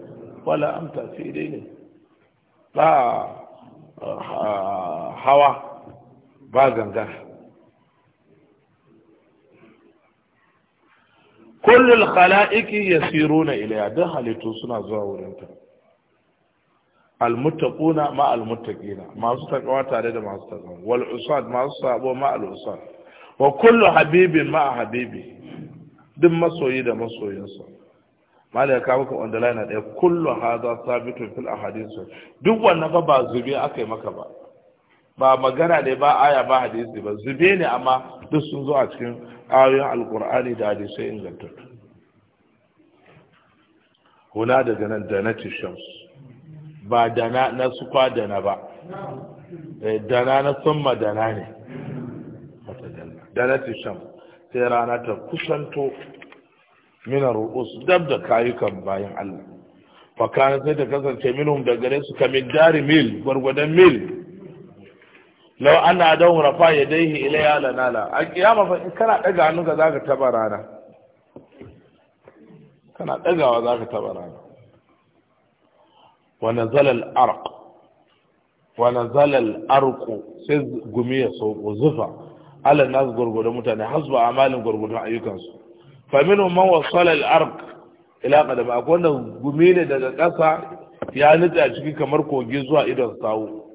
wala ba hawa ba gangara kullul khala'iki yasiruna ilayha duk halittu suna zuwa wurinta almuttaquna ma almuttaqina masu takawa tare da masu takawa wal usad masu sabo ma al usad wa kullu habibin ma habibi duk masoyi da masoyinsa malai ya kawo wanda layi na ɗaya kullu hadha sabitun fil ahadith duk wannan fa ba zube akai maka ba ba magana ne ba aya ba hadisi ba zube ne amma duk sun zo a cikin ayoyin alqur'ani da hadisai ingantattu huna daga nan da na tishams ba dana na sukwa dana ba eh, dana na sun dana ne Da dalati sham sai rana ta kusanto mina ru'us dab da kayukan bayan Allah fa kana sai ta kasance minum da gare su kamin dari mil gwargwadon mil law anna adaw rafa yadayhi ilayya lanala a kiyama fa kana daga ka zaka taba rana kana dagawa zaka taba rana wa nazala al-arq wa nazala al-arq sai gumi ya sauko zufa na su gwargwadon mutane hasbu amalin gwargwadon ayyukansu fa minhum man wasala al Ark ila qadam akwai wanda gumi ne daga ƙasa ya a cikin kamar kogi zuwa idon sawu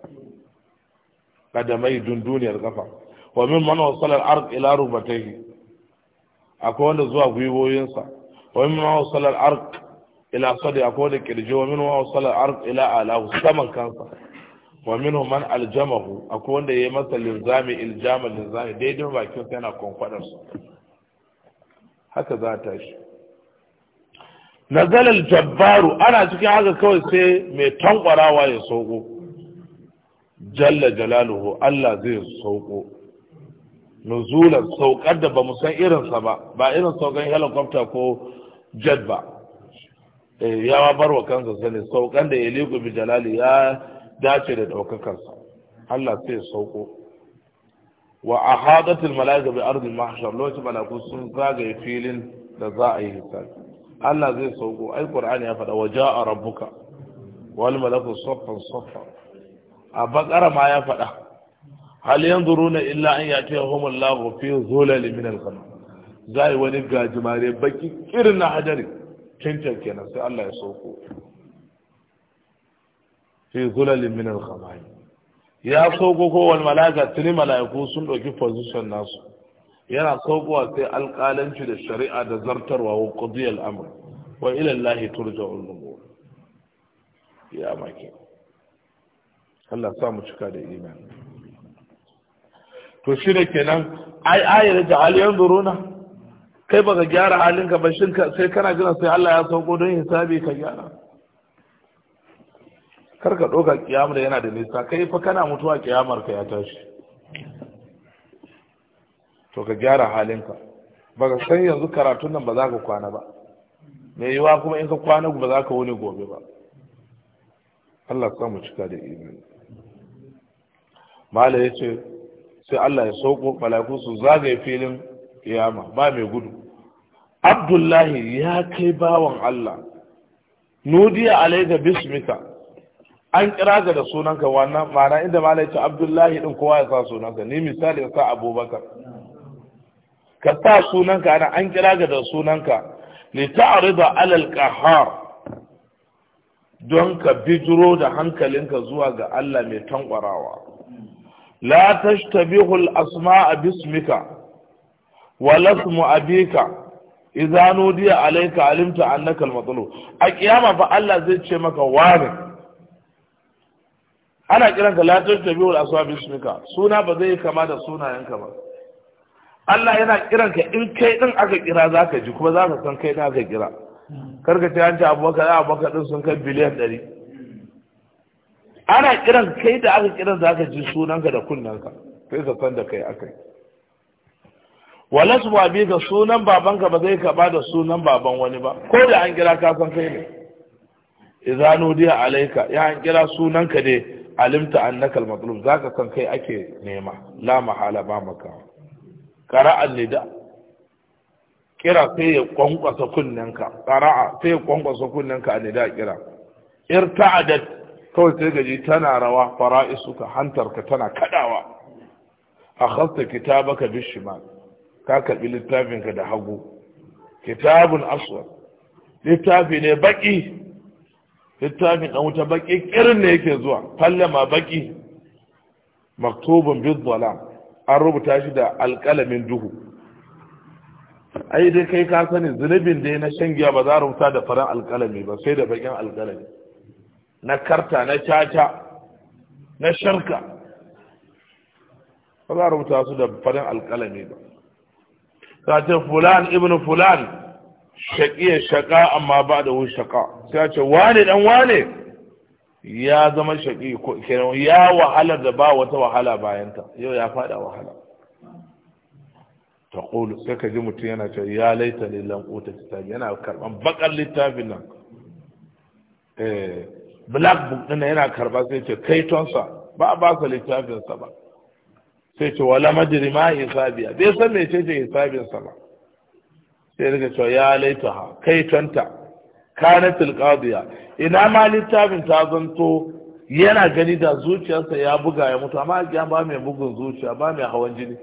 kadamai dunduniyar kafa wa min man wasala al Ark ila rubatayhi akwai wanda zuwa gwiwoyinsa wa min man wasala al Ark ila sadi akwai wanda kirji wa min man wasala al Ark ila alahu saman kansa wa minhu man aljamahu akwai wanda yayi masa linzami iljama linzami daidai bakin sa yana konfadar su haka za ta shi nazal aljabbaru ana cikin haka kawai sai mai tankwarawa ya sauko jalla jalaluhu Allah zai sauko nuzulan saukar da bamu mu san irinsa ba ba irin saukan helicopter ko jet ba eh, yawa barwa kansa sani saukan da ya liku bi jalali ya dace da daukakarsa Allah sai sauko wa a ahadatul malaika bi ardil mahshar lokacin malaku sun zagaye filin da za a yi hisabi Allah zai sauko ai Qur'ani ya faɗa wa jaa rabbuka wal malaku saffan saffa a bakara ma ya faɗa hal yanzuruna illa an yatihum Allah fi zulal min al qamar zai wani gajimare baki irin na hadari tantan kenan sai Allah ya sauko fi zulalin min al-khamai ya sauko wal malaka tuni malaiku sun dauki position nasu yana saukowa sai alƙalanci da shari'a da zartarwa wa qadiyal amr wa ila Allah al umur ya maki Allah sa mu cika da imani to shi ne kenan ai ai da aliyan duruna kai baka gyara halinka ba shin sai kana jira sai Allah ya sauko don hisabi ka gyara kar ka ɗauka kiyamar yana da nisa kai fa kana mutuwa kiyamar ka ya tashi to ka gyara halinka ba ka san yanzu karatun nan ba za ka kwana ba mai yiwa kuma in ka kwana ba za ka wuni gobe ba Allah ka mu cika da imani mala ya ce sai Allah ya sauko malaku su zagaye filin kiyama ba mai gudu abdullahi ya kai bawan Allah nudiya alaika bismika an kira ka da sunanka wannan ma'ana inda ma ce abdullahi din kowa ya sa sunanka ni misali ya sa abubakar ka sa sunanka ana an kira ka da sunanka li ta'rida alal qahar don ka bijiro da hankalinka zuwa ga Allah mai tankwarawa la tashtabihu al asma'a bismika wa lasmu abika idza nudiya alayka alimta annaka al matlub a kiyama fa Allah zai ce maka wani ana kiran ka latin tabiul aswa bismika suna ba zai kama da sunayenka ba Allah yana kiran ka in kai din aka kira zaka ji kuma zaka san kai da aka kira karka ce an abubakar abubakar din sun kai biliyan ɗari ana kiran kai da aka kiran zaka ji sunanka da kunnanka kai ka san da kai akai walas ba bi ka sunan babanka ba zai kaba da sunan baban wani ba ko da an kira ka san kai ne idza nudiya alayka ya an kira sunanka dai alimta annaka al-matlub zaka san kai ake nema la mahala ba maka qara'a nida kira sai ya kwankwasa kunnenka qara'a sai ya kwankwasa kunnenka a nida kira irta'adat kawai sai gaji tana rawa fara'isuka hantarka tana kadawa akhadta kitabaka bishimal ka karbi littafinka da hagu kitabun aswad littafi ne baki littafin ɗan wuta baki kirin ne yake zuwa falle ma baki maktubun bin an rubuta shi da alƙalamin duhu ai dai kai ka sani zunubin da na shan giya ba za a rubuta da farin alƙalami ba sai da bakin alƙalami na karta na caca na sharka ba za a rubuta su da farin alƙalami ba sace ce fulan ibn fulan shaƙiya shaƙa amma ba da wuce shaƙa sai ce wane dan wane ya zama shaƙi kenan ya wahalar da ba wata wahala bayanta yau ya fada wahala ta ƙulu sai ka ji mutum yana cewa ya laita lillan ƙota littafi yana karban bakar littafin nan eh, black book din yana karɓa sai ce kai tonsa ba a ba sa littafinsa ba sai ce wala madrima ma hisabiya bai san me ce hisabinsa ba sai daga cewa ya laita ha kai tanta kanatil qadiya ina ma littafin ta zanto yana gani da zuciyarsa ya buga ya mutu amma ya ba mai bugun zuciya ba mai hawan jini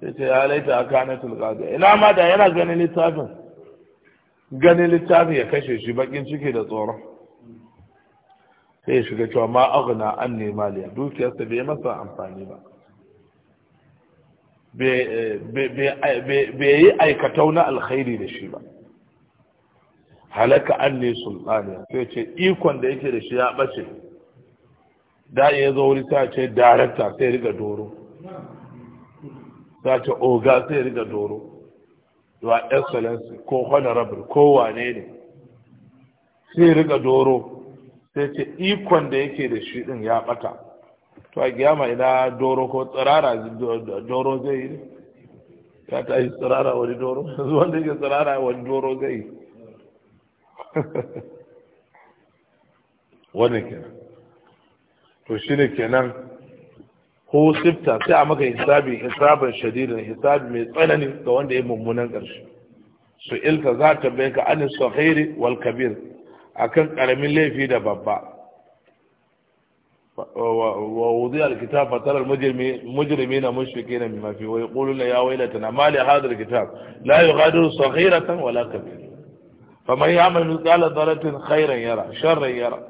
sai ce ya laita ha kanatil qadiya ina ma da yana ganin littafin ganin littafin ya kashe shi bakin ciki da tsoro sai shiga cewa ma aghna anni maliya dukiyarsa bai masa amfani ba bai yi aikatau na alkhairi da shi ba halaka an ne sultani sai ce ikon da yake da shi ya ɓace da ya zo wuri ta ce darakta sai riga doro ta ce oga sai riga doro wa excellence ko honorable ko wane ne sai riga doro sai ce ikon da yake da shi din ya ɓata to a giyama ina doro ko tsirara doro zai yi ya ta yi tsirara wani doro wanda yake tsirara wani doro zai yi wannan kenan to shi ne kenan ko sifta sai a maka hisabi hisabin shadidin hisabi mai tsanani ga wanda ya mummunan ƙarshe su ilta za ta bai ka anin sahiri wal kabir akan karamin laifi da babba ووضع الكتاب فترى المجرمين مشفكين مما فيه ويقولون يا ويلتنا ما لهذا الكتاب لا يغادر صغيرة ولا كبيرة فمن يعمل مثقال ذرة خيرا يرى شرا يرى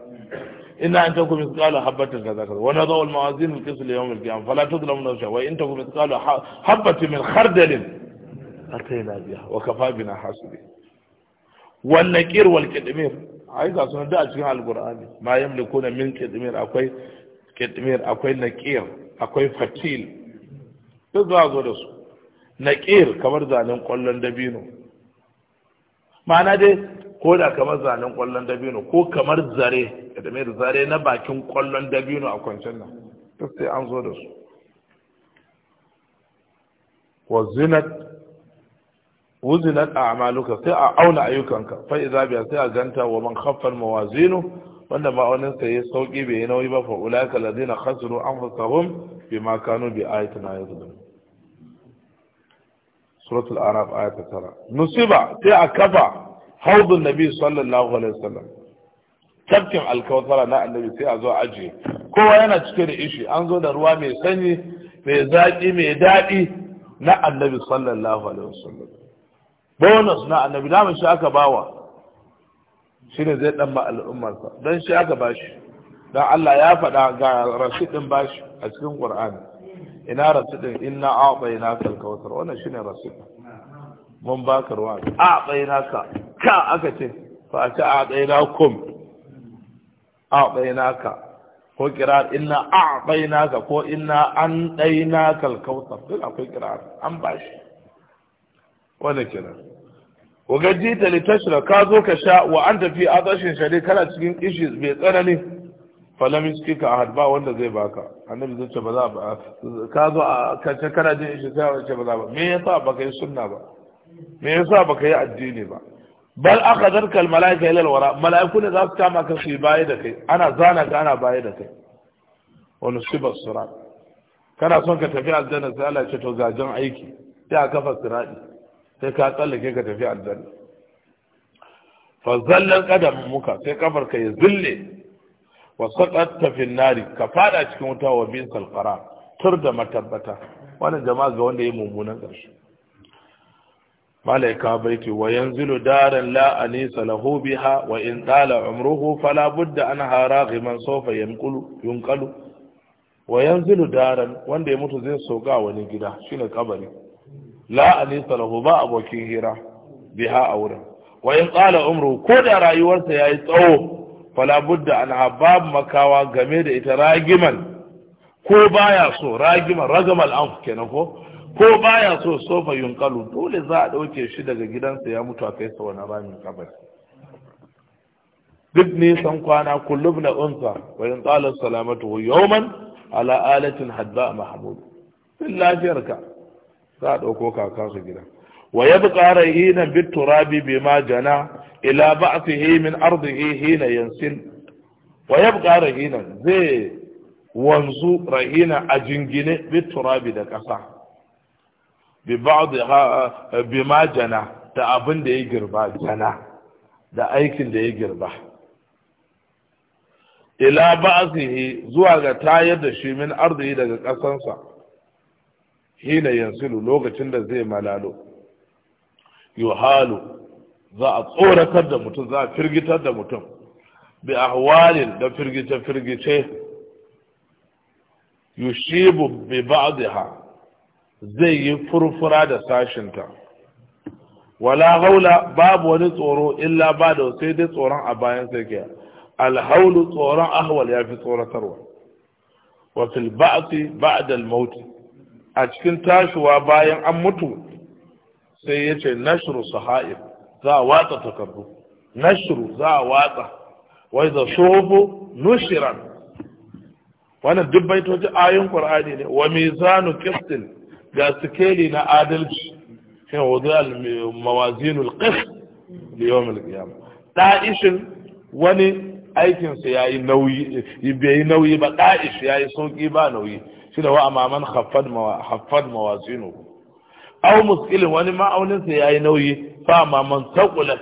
إن أن تكون مثقال حبة كذا كذا ونضع الموازين القسط ليوم القيامة فلا تظلم نفسها وإن تكون مثقال حبة من خردل أتينا بها وكفى بنا حاسبين والنكير والكدمير ai ga sunan da a cikin alqur'ani ma na min kidmir akwai kidmir akwai naqir akwai fatil duk zuwa zo da su naqir kamar zanen kwallon dabino ma'ana dai ko da kamar zanen kwallon dabino ko kamar zare kidmir zare na bakin kwallon dabino a kwancen nan duk sai an zo da su wa zinat وزنت أعمالك سيء أعون أيكنك فإذا بيسيء جنت ومن خف الموازينه وأن ما أنت يسوكي بينويب فأولاك الذين خسروا أنفسهم بما كانوا بآيتنا يظلم سورة الأعراف آية ترى نصيبة سيء كفى حوض النبي صلى الله عليه وسلم تبكم الكوثرة ناء النبي سيء زو عجي كو أنا تشكري إشي أنظر نروامي سني في ذاتي ميداتي ناء النبي صلى الله عليه وسلم bonus na annabi daman shi aka bawa shi ne zai dan ba al'ummarsa don shi aka bashi don Allah ya faɗa ga rasidin bashi a cikin Qur'ani ina rasidin inna a'tayna kal kawthar wannan shine rasid mun baka ruwa a'tayna ka ka aka ce fa ta a'tayna kum a'tayna ka ko kirar inna a'tayna ka ko inna an dayna kal kawthar duk akwai kirar an bashi wanda kenan wa gaji ta litashra ka zo ka sha wa an tafi a tsashin shari kana cikin ishi mai tsanani falam iski ka ahad ba wanda zai baka annabi zai ce ba za ba ka zo a kace kana jin ishi sai wanda ce ba za ba me yasa baka yi sunna ba me yasa baka yi addini ba bal aka al malaika ila al wara malaiku ne za su kama ka su baye da kai ana zana ka ana baye da kai Wani nusiba sirat kana son ka tafi aljanna sai Allah ya ce to jan aiki sai a kafa sirati sai ka tsallake ka tafi aljanna fa zallan qadam muka sai kafar ka ya zille wa saqatta fi nari ka fada cikin wuta wa bin salqara tur da matabbata wannan jama'a ga wanda ya mummunan karshe malaika baiti wa yanzilu daran la anisa lahu biha wa in tala umruhu fala budda an haraghiman sawfa yanqulu yunqalu wa yanzilu daran wanda ya mutu zai soga wani gida shine kabari la anisa lahu ba abokin hira biha a wurin wa in tsala umru ko da rayuwarsa yi tsawo fala budda an habab makawa game da ita ragiman ko baya so ragiman ragamal an kenan ko ko baya so sofa yunkalu dole za a dauke shi daga gidansa ya mutu a kai sa wani ramin kabari duk nisan kwana kullum na unsa wa in tsala salamatu yawman ala alatin hadba mahmud lafiyarka za a ɗauko kaka su gida wa ya bi ƙara hina bit turabi bi ma jana ila ba su min arziki hina yansin wa ya bi ƙara hina zai wanzu rahina a jingine bittu Rabi da ƙasa bi ma jana da abin da ya girba jana da aikin da ya girba ila ba'zihi zuwa ga tayar da shi min arzi daga ƙasansa hina yansilu lokacin da zai malalo yuhalu za a tsoratar da mutum za a firgitar da mutum bi ahwalin da firgice firgice yushibu bi ba'dha zai yi furfura da sashinta wala haula babu wani tsoro illa ba da sai dai tsoron a bayan sarki alhaulu tsoron ahwal ya fi tsoratarwa wa fil ba'si ba'da al a cikin tashuwa bayan an mutu sai ya ce nashru saha'ib za a watsa takardu nashiru za a watsa wai za sobo nushiran wannan duk baitoci ayin qur'ani ne wa mizanu qistin ga sikeli na adalci shi wudu al mawazin al qist li yawm al qiyam da'ishin wani aikinsa ya yi nauyi bai nauyi ba da'ish yayi yi sauki ba nauyi shi da wa amaman haffad mawazinu aw muskilin wani ma'auninsa ya yi nauyi fa amaman taƙulat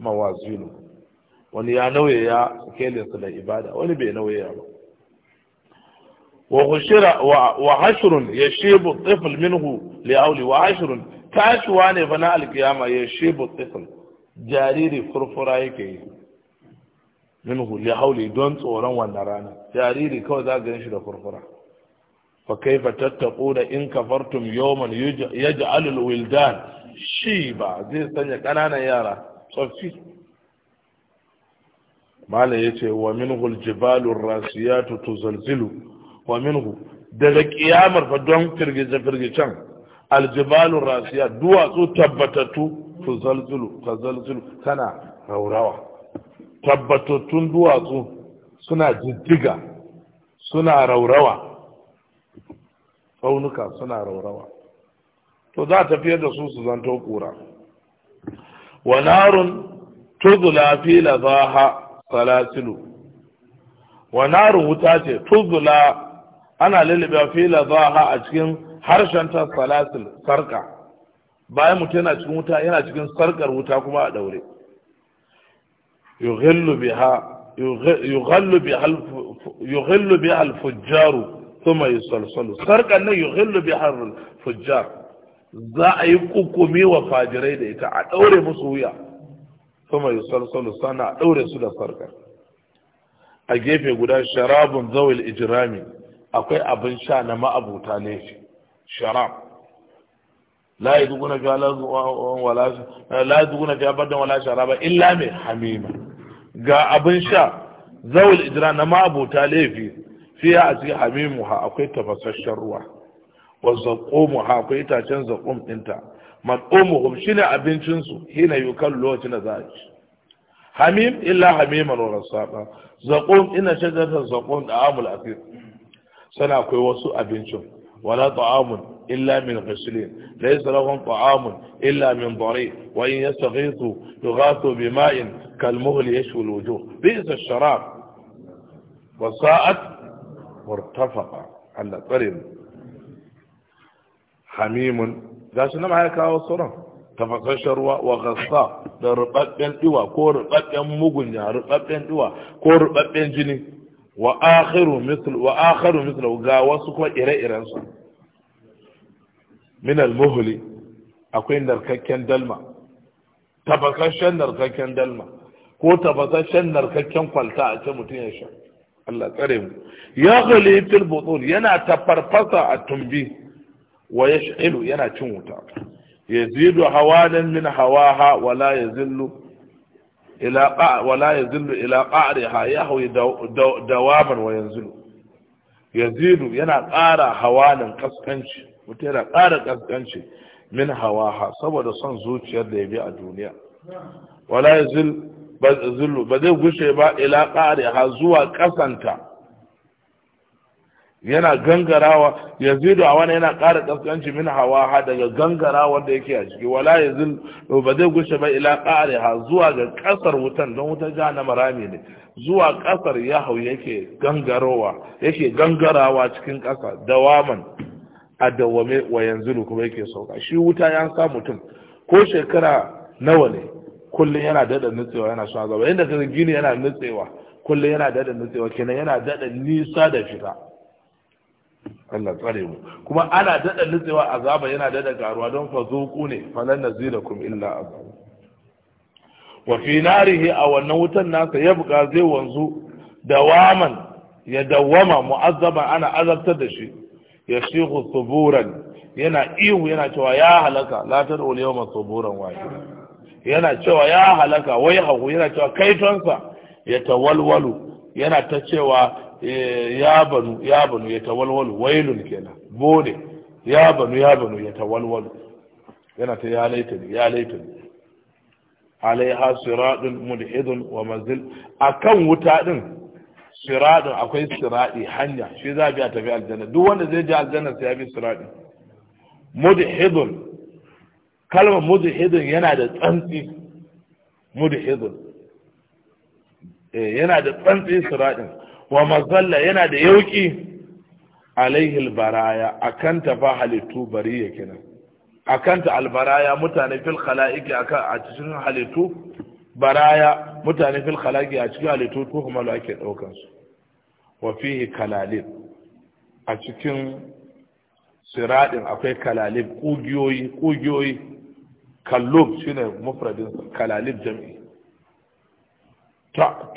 mawazinu wani ya nauye ya kelinsa da ibada wani bai nauye ya ba وغشر وحشر يشيب الطفل ya لأولي وحشر Jariri furfura yake يشيب الطفل جاريري فرفرا يكي منه لأولي دون صورا ونرانا جاريري كو ذا قنش دا furfura. fa kaifa tattaquna in kafartum yawman yaj'alu al-wildan shiba zai sanya ƙananan yara tsoffi mala yace wa minhu al-jibalu ar-rasiyatu tuzalzilu wa minhu daga kiyamar fa don firgice firgicen aljibalu rasiya duwatsu tabbatattu tuzalzilu tuzalzilu tana raurawa tabbatattun duwatsu suna jijjiga suna raurawa tsaunuka suna raurawa to za a tafiyar da su su zanto kura wa narun tuzula fi lazaha salasilu wa narun wuta ce tuzula ana lullube fi lazaha a cikin harshen ta salasil sarka bayan mutum yana cikin wuta yana cikin sarkar wuta kuma a daure yughallu biha yughillu biha al-fujjaru thumma yusalsalu sarkan nan yuhillu bi harrul fujjar za a yi kukumi wa fajirai da ita a daure musu wuya thumma yusalsalu sana a daure su da sarkar a gefe guda sharabun zawil ijirami akwai abin sha na ma'abuta ne shi sharab la yaduguna fi wala la yaduguna abadan wala sharaba illa mai hamima ga abin sha zawil ijra na ma'abuta laifi fiya a cikin hamimu, ha akwai tafasasshen ruwa wa zaƙomu ha akwai itacen zaƙom ɗinta matsomuhum shi ne abincinsu hina yi kan lokacin da za a ci hamim illa hamiman wa rasaɓa zaƙom ina shajarta zaƙom da amul asir sana akwai wasu abincin wala ta'amun إلا illa min ليس لهم طعام إلا من ضريع وإن يستغيثوا يغاثوا بماء كالمغل يشوي الوجوه بئس الشراب وساءت murtafaqa Allah tsarin hamimun ga shi na ma ya kawo suran tafasasshen ruwa wa gassa da rubabben diwa ko rubabben mugunya rubabben diwa ko rubabben jini wa akhiru mithl wa akhiru mithl ga wasu kuma ire-iren su min al-muhli akwai narkakken dalma tafasasshen narkakken dalma ko tafasasshen narkakken kwalta a ce mutum ya sha Allah tsare mu ya ghali fil butun yana tafarfasa a tumbi wa yash'ilu yana cin wuta yazidu hawalan min hawaha wala yazillu ila qa wala yazillu ila qa'riha yahwi dawaban wa yanzilu yazidu yana ƙara hawalan kaskanci mutum yana ƙara kaskanci min hawaha saboda son zuciyar da ya bi a duniya wala yazillu zullu ba zai gushe ba ila ƙare ha zuwa ƙasanta yana gangarawa ya zido a wani yana ƙara ƙasƙanci min hawa ha daga gangarawa da yake a ciki wala ya zullu ba zai gushe ba ila ƙare ha zuwa ga ƙasar wutan don jiha na marami ne zuwa ƙasar ya hau yake gangarowa yake gangarawa cikin ƙasa dawaman a dawame wa yanzu kuma yake sauka shi wuta ya sa mutum ko shekara nawa ne kullum yana dada nutsewa yana suna zaba inda ka gini yana nutsewa kullum yana dada nutsewa kenan yana dada nisa da fita Allah tsare mu kuma ana dada nutsewa azaba yana dada karuwa don fa zuku ne falan kuma illa azab wa fi narihi a wannan wutan nasa ya buka zai wanzu dawaman ya dawama mu'azzaba ana azabtar da shi ya shihu suburan yana ihu yana cewa ya halaka la tad'u al-yawma suburan wahida yana cewa ya halaka wai hagu yana cewa kaitonsa ya tawalwalu yana ta cewa eh, ya banu ya banu ya tawalwalu wailun kenan bode ya banu ya banu ya tawalwalu yana ta ya laitani ya laitani alaiha siradun mulhidun wa mazil akan wuta din siradun akwai siradi hanya shi za a biya tafi aljanna duk wanda zai je aljanna sai ya bi siradi mudhidun kalmar mudhidin yana da tsantsi mudhidin eh, yana da tsantsi siradin wa mazalla yana da yauki alaihi albaraya akan ta ba halittu bariya kenan akan ta albaraya mutane fil khalaiki a cikin halittu baraya mutane fil khalaiki a cikin halittu ko kuma lo ake daukan su wa fihi kalalib a cikin siradin akwai kalalib kugiyoyi kugiyoyi kallub shine mufradin kalalib jam'i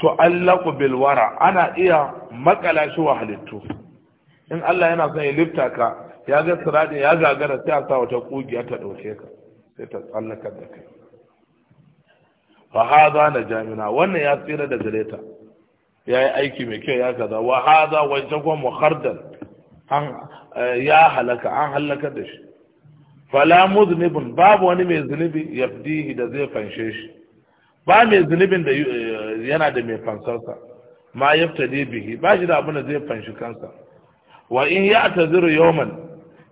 tu'allaqu bil wara ana iya makala shi wa halittu in Allah yana son ya lifta ka ya ga sirade ya gagara sai a sa wata kugiya ta dauke ka sai ta tsallaka da kai fa hadha na jamina wannan ya tsira da gareta ya yi aiki mai kyau ya kaza wa hadha wancan kuma an eh, ya halaka an halaka da shi fala muznibun babu wani mai zunubi yafdihi da zai fanshe shi ba mai zunubin da eh, yana da mai fansarsa ma ne bihi ba shi da abin da zai fanshi kansa wa in ya taziru yawman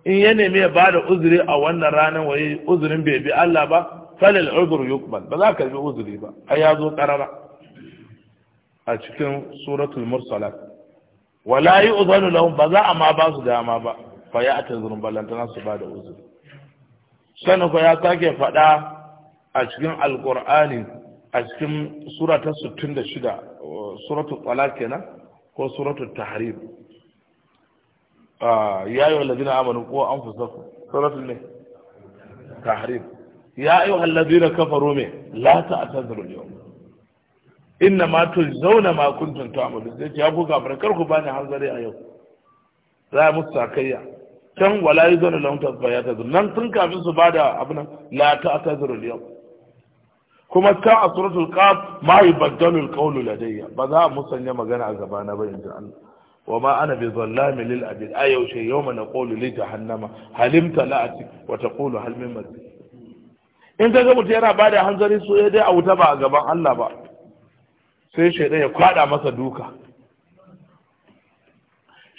in ya neme ya bada uzuri a wannan ranar waye uzurin bai bi Allah ba falil uzur yukbal ba za ka bi uzuri ba ai ya zo karara a cikin suratul mursalat wala yu'zanu lahum ba za a ma ba su dama ba fa ya tazirun ballantana su bada uzuri sanufa ya sake faɗa a cikin alƙur'ani a cikin sura ta 66 suratul tsala kenan ko suratul tahrim ah, ya yi na amanu ko an fusaku suratul ne tahrir ya yi wallazina kafaru me a ta'tazuru yau inna ma zauna ma kuntum zai ce ya buga kafar kar bani hanzari a yau za mu sakayya can wala yi zana lahun tasba ya tazuru nan tun kafin su bada abu nan la ta tazuru yau kuma can a suratul qaf ma baddalul alqawlu ladayya ba za a musanya magana a gaba na ba inda Allah wa ma ana bi zallami lil abid a yaushe yawma naqulu li jahannama halimta la'ati wa taqulu hal min mazid in kaga mutum yana da hanzari so dai a wuta ba a gaban Allah ba sai shaidan ya kwada masa duka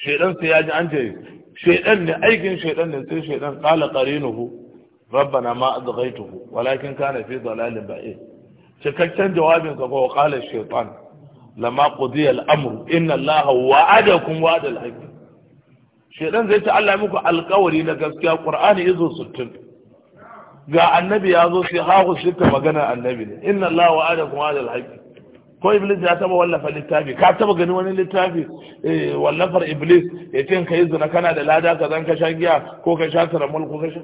shaidan sai ya ji an je. shaidan ne aikin shaidan ne sai shaidan qala qarinuhu rabbana ma azghaytuhu walakin kana fi dalalin ba'id cikakken jawabin sa ko qala shaitan lama qudiya al-amru inna allaha wa'adakum wa'da al-haqq shaidan zai ta Allah muku alkawari na gaskiya qur'ani izo 60 ga annabi ya zo sai hahu shirka magana annabi ne inna allaha wa'adakum wa'da al-haqq ko iblis ya taba wallafa littafi ka taba gani wani littafi eh, wallafar iblis ya ce ka yi zina kana da lada ka zan ka sha giya ko ka sha taramul ko ka sha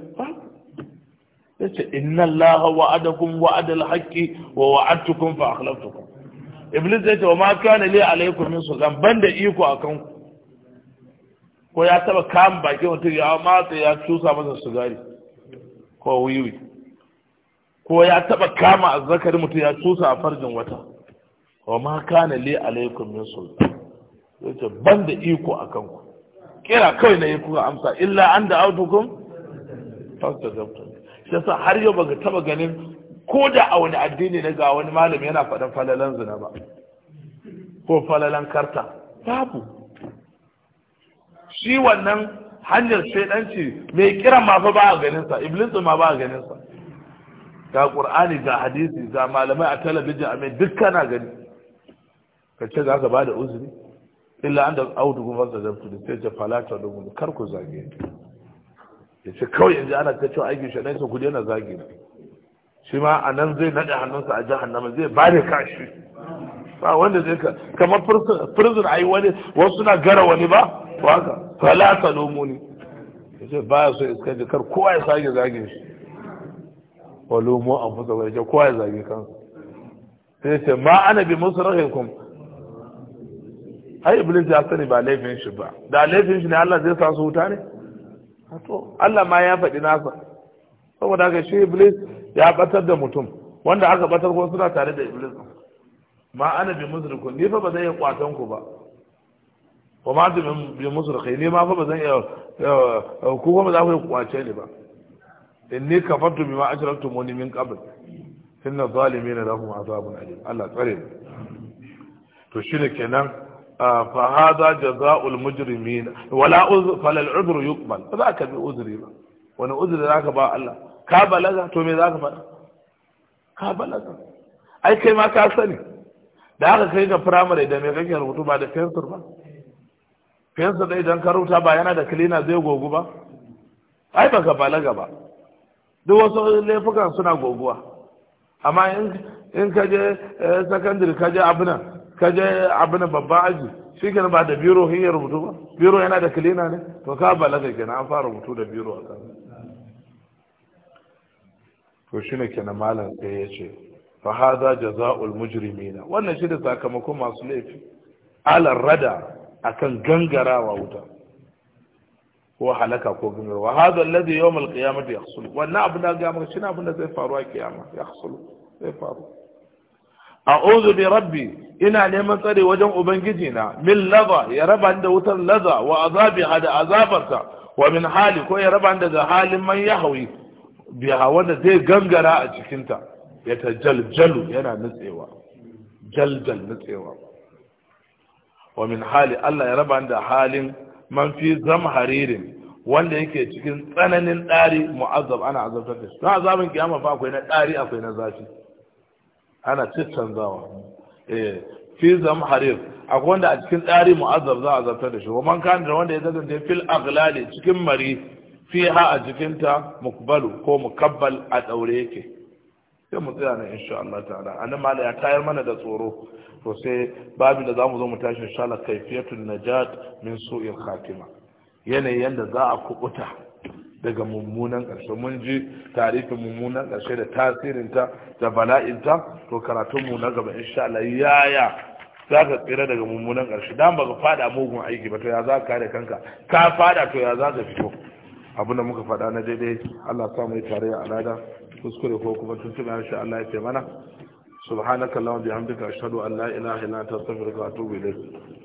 ya ce inna allaha wa wa'adal haqqi wa wa'adtukum fa akhlaftukum iblis ya ce wa ma kana li alaikum min sultan banda iko akan ku ko ya taba kam bakin mutum ya matsa ya cusa masa sigari ko wiwi ko ya taba kama azzakari mutum ya cusa a farjin wata wa ma kana li alaikum min sultan yace ban da iko akan ku kira kawai na yi amsa illa an da autukum shi yasa har yau baka taba ganin ko da a wani addini na ga wani malami yana faɗan falalan zina ba ko falalan karta babu shi wannan hanyar shaidanci mai kiran ma fa ba a ganin sa iblis ma ba a ganin sa ga qur'ani ga hadisi ga malamai a talabijin a mai duk gani ka ce za ka ba da uzuri illa an da audu kuma da zaftu da sai ta falata da gudu kar ku zage ya ce kawai yanzu ana ta cewa aiki shaɗai sun kudi yana zage shi ma a nan zai naɗa hannunsa a jahannama zai ba da kashi ba wanda zai ka kamar prison ayi wani wasu na gara wani ba waka falata lomuni ya ce ba ya so iska ji kar kowa ya sage zage shi wa lomo an fusa wani kowa ya zage kansa sai ce ma ana bi musu rahikum har iblis ya sani ba laifin shi ba da laifin shi ne Allah zai sa su wuta ne to Allah ma ya faɗi nasa saboda ga shi iblis ya batar da mutum wanda aka batar ko suna tare da iblis ma ana bi musrikun ni fa ba zan yi kwatan ku ba wa ma ta bi musrikhi ni ma fa ba zan yi eh, ku kuma za ku yi kwace ni ba inni kafartu bima ashraktumuni min qabl inna zalimin lahum azabun alim Allah tsare to shine kenan fa hadha jazaa'ul mujrimin wala uzr falal uzr yuqbal ba za ka bi uzri ba wani uzri zaka ba Allah ka balaga to me zaka faɗa ka balaga ai kai ma ka sani da aka kai ga firamare da me kake rubutu ba da fensir ba fensir da idan ka rubuta ba yana da kilina zai gogu ba ai ba ka balaga ba duk wasu laifukan suna goguwa amma in ka je sakandare ka je abinan ka je abin babba aji shi kenan ba da biro hiyar rubutu ba biro yana da kilina ne to ka balaga kenan an fara rubutu da biro a kan to shi ne kenan malam sai ya ce fa hadha jazaa'ul mujrimina wannan shi da sakamakon masu laifi alar rada akan gangarawa wuta ko halaka ko gangarawa hadha alladhi yawm al-qiyamati yahsul wannan abin da ga maka shi abin da zai faru a kiyama yahsul zai faru a'udhu bi rabbi ina neman tsare wajen ubangiji na min laza ya raba da wutar laza wa azabi hada azabarsa wa min hali ko ya raba daga halin man ya hawi bi wanda zai gangara a cikinta ya ta jaljalu yana nutsewa jaljal nutsewa wa min hali Allah ya raba da halin man fi zam haririn wanda yake cikin tsananin ɗari mu'azzab ana azabtar da shi na azabin kiyama fa akwai na ɗari akwai na zafi ana ciccanzawa eh fi zam harir akwai wanda a cikin tsari mu'azzab za a zartar da shi kuma kan da wanda ya da fil aghlali cikin mari fiha a jikinta mukbalu ko mukabbal a daure yake sai mu tsaya nan insha Allah ta'ala anan mala ya tayar mana da tsoro to sai da da zamu zo mu tashi insha Allah kayfiyatun najat min su'il khatima yanayin yanda za a kubuta daga mummunan ƙarshe mun ji tarihin mummunan ƙarshe da tasirinta da bala'inta to karatunmu na gaba insha Allah yaya za ka tsira daga mummunan ƙarshe dan baka fada mugun aiki ba to ya za ka kare kanka ka fada to ya za ka fito abin da muka faɗa na daidai Allah sa mu yi a alada kuskure ko kuma tuntuna insha Allah ya ce mana subhanaka allahumma bihamdika ashhadu an la ilaha illa anta astaghfiruka wa atubu ilayk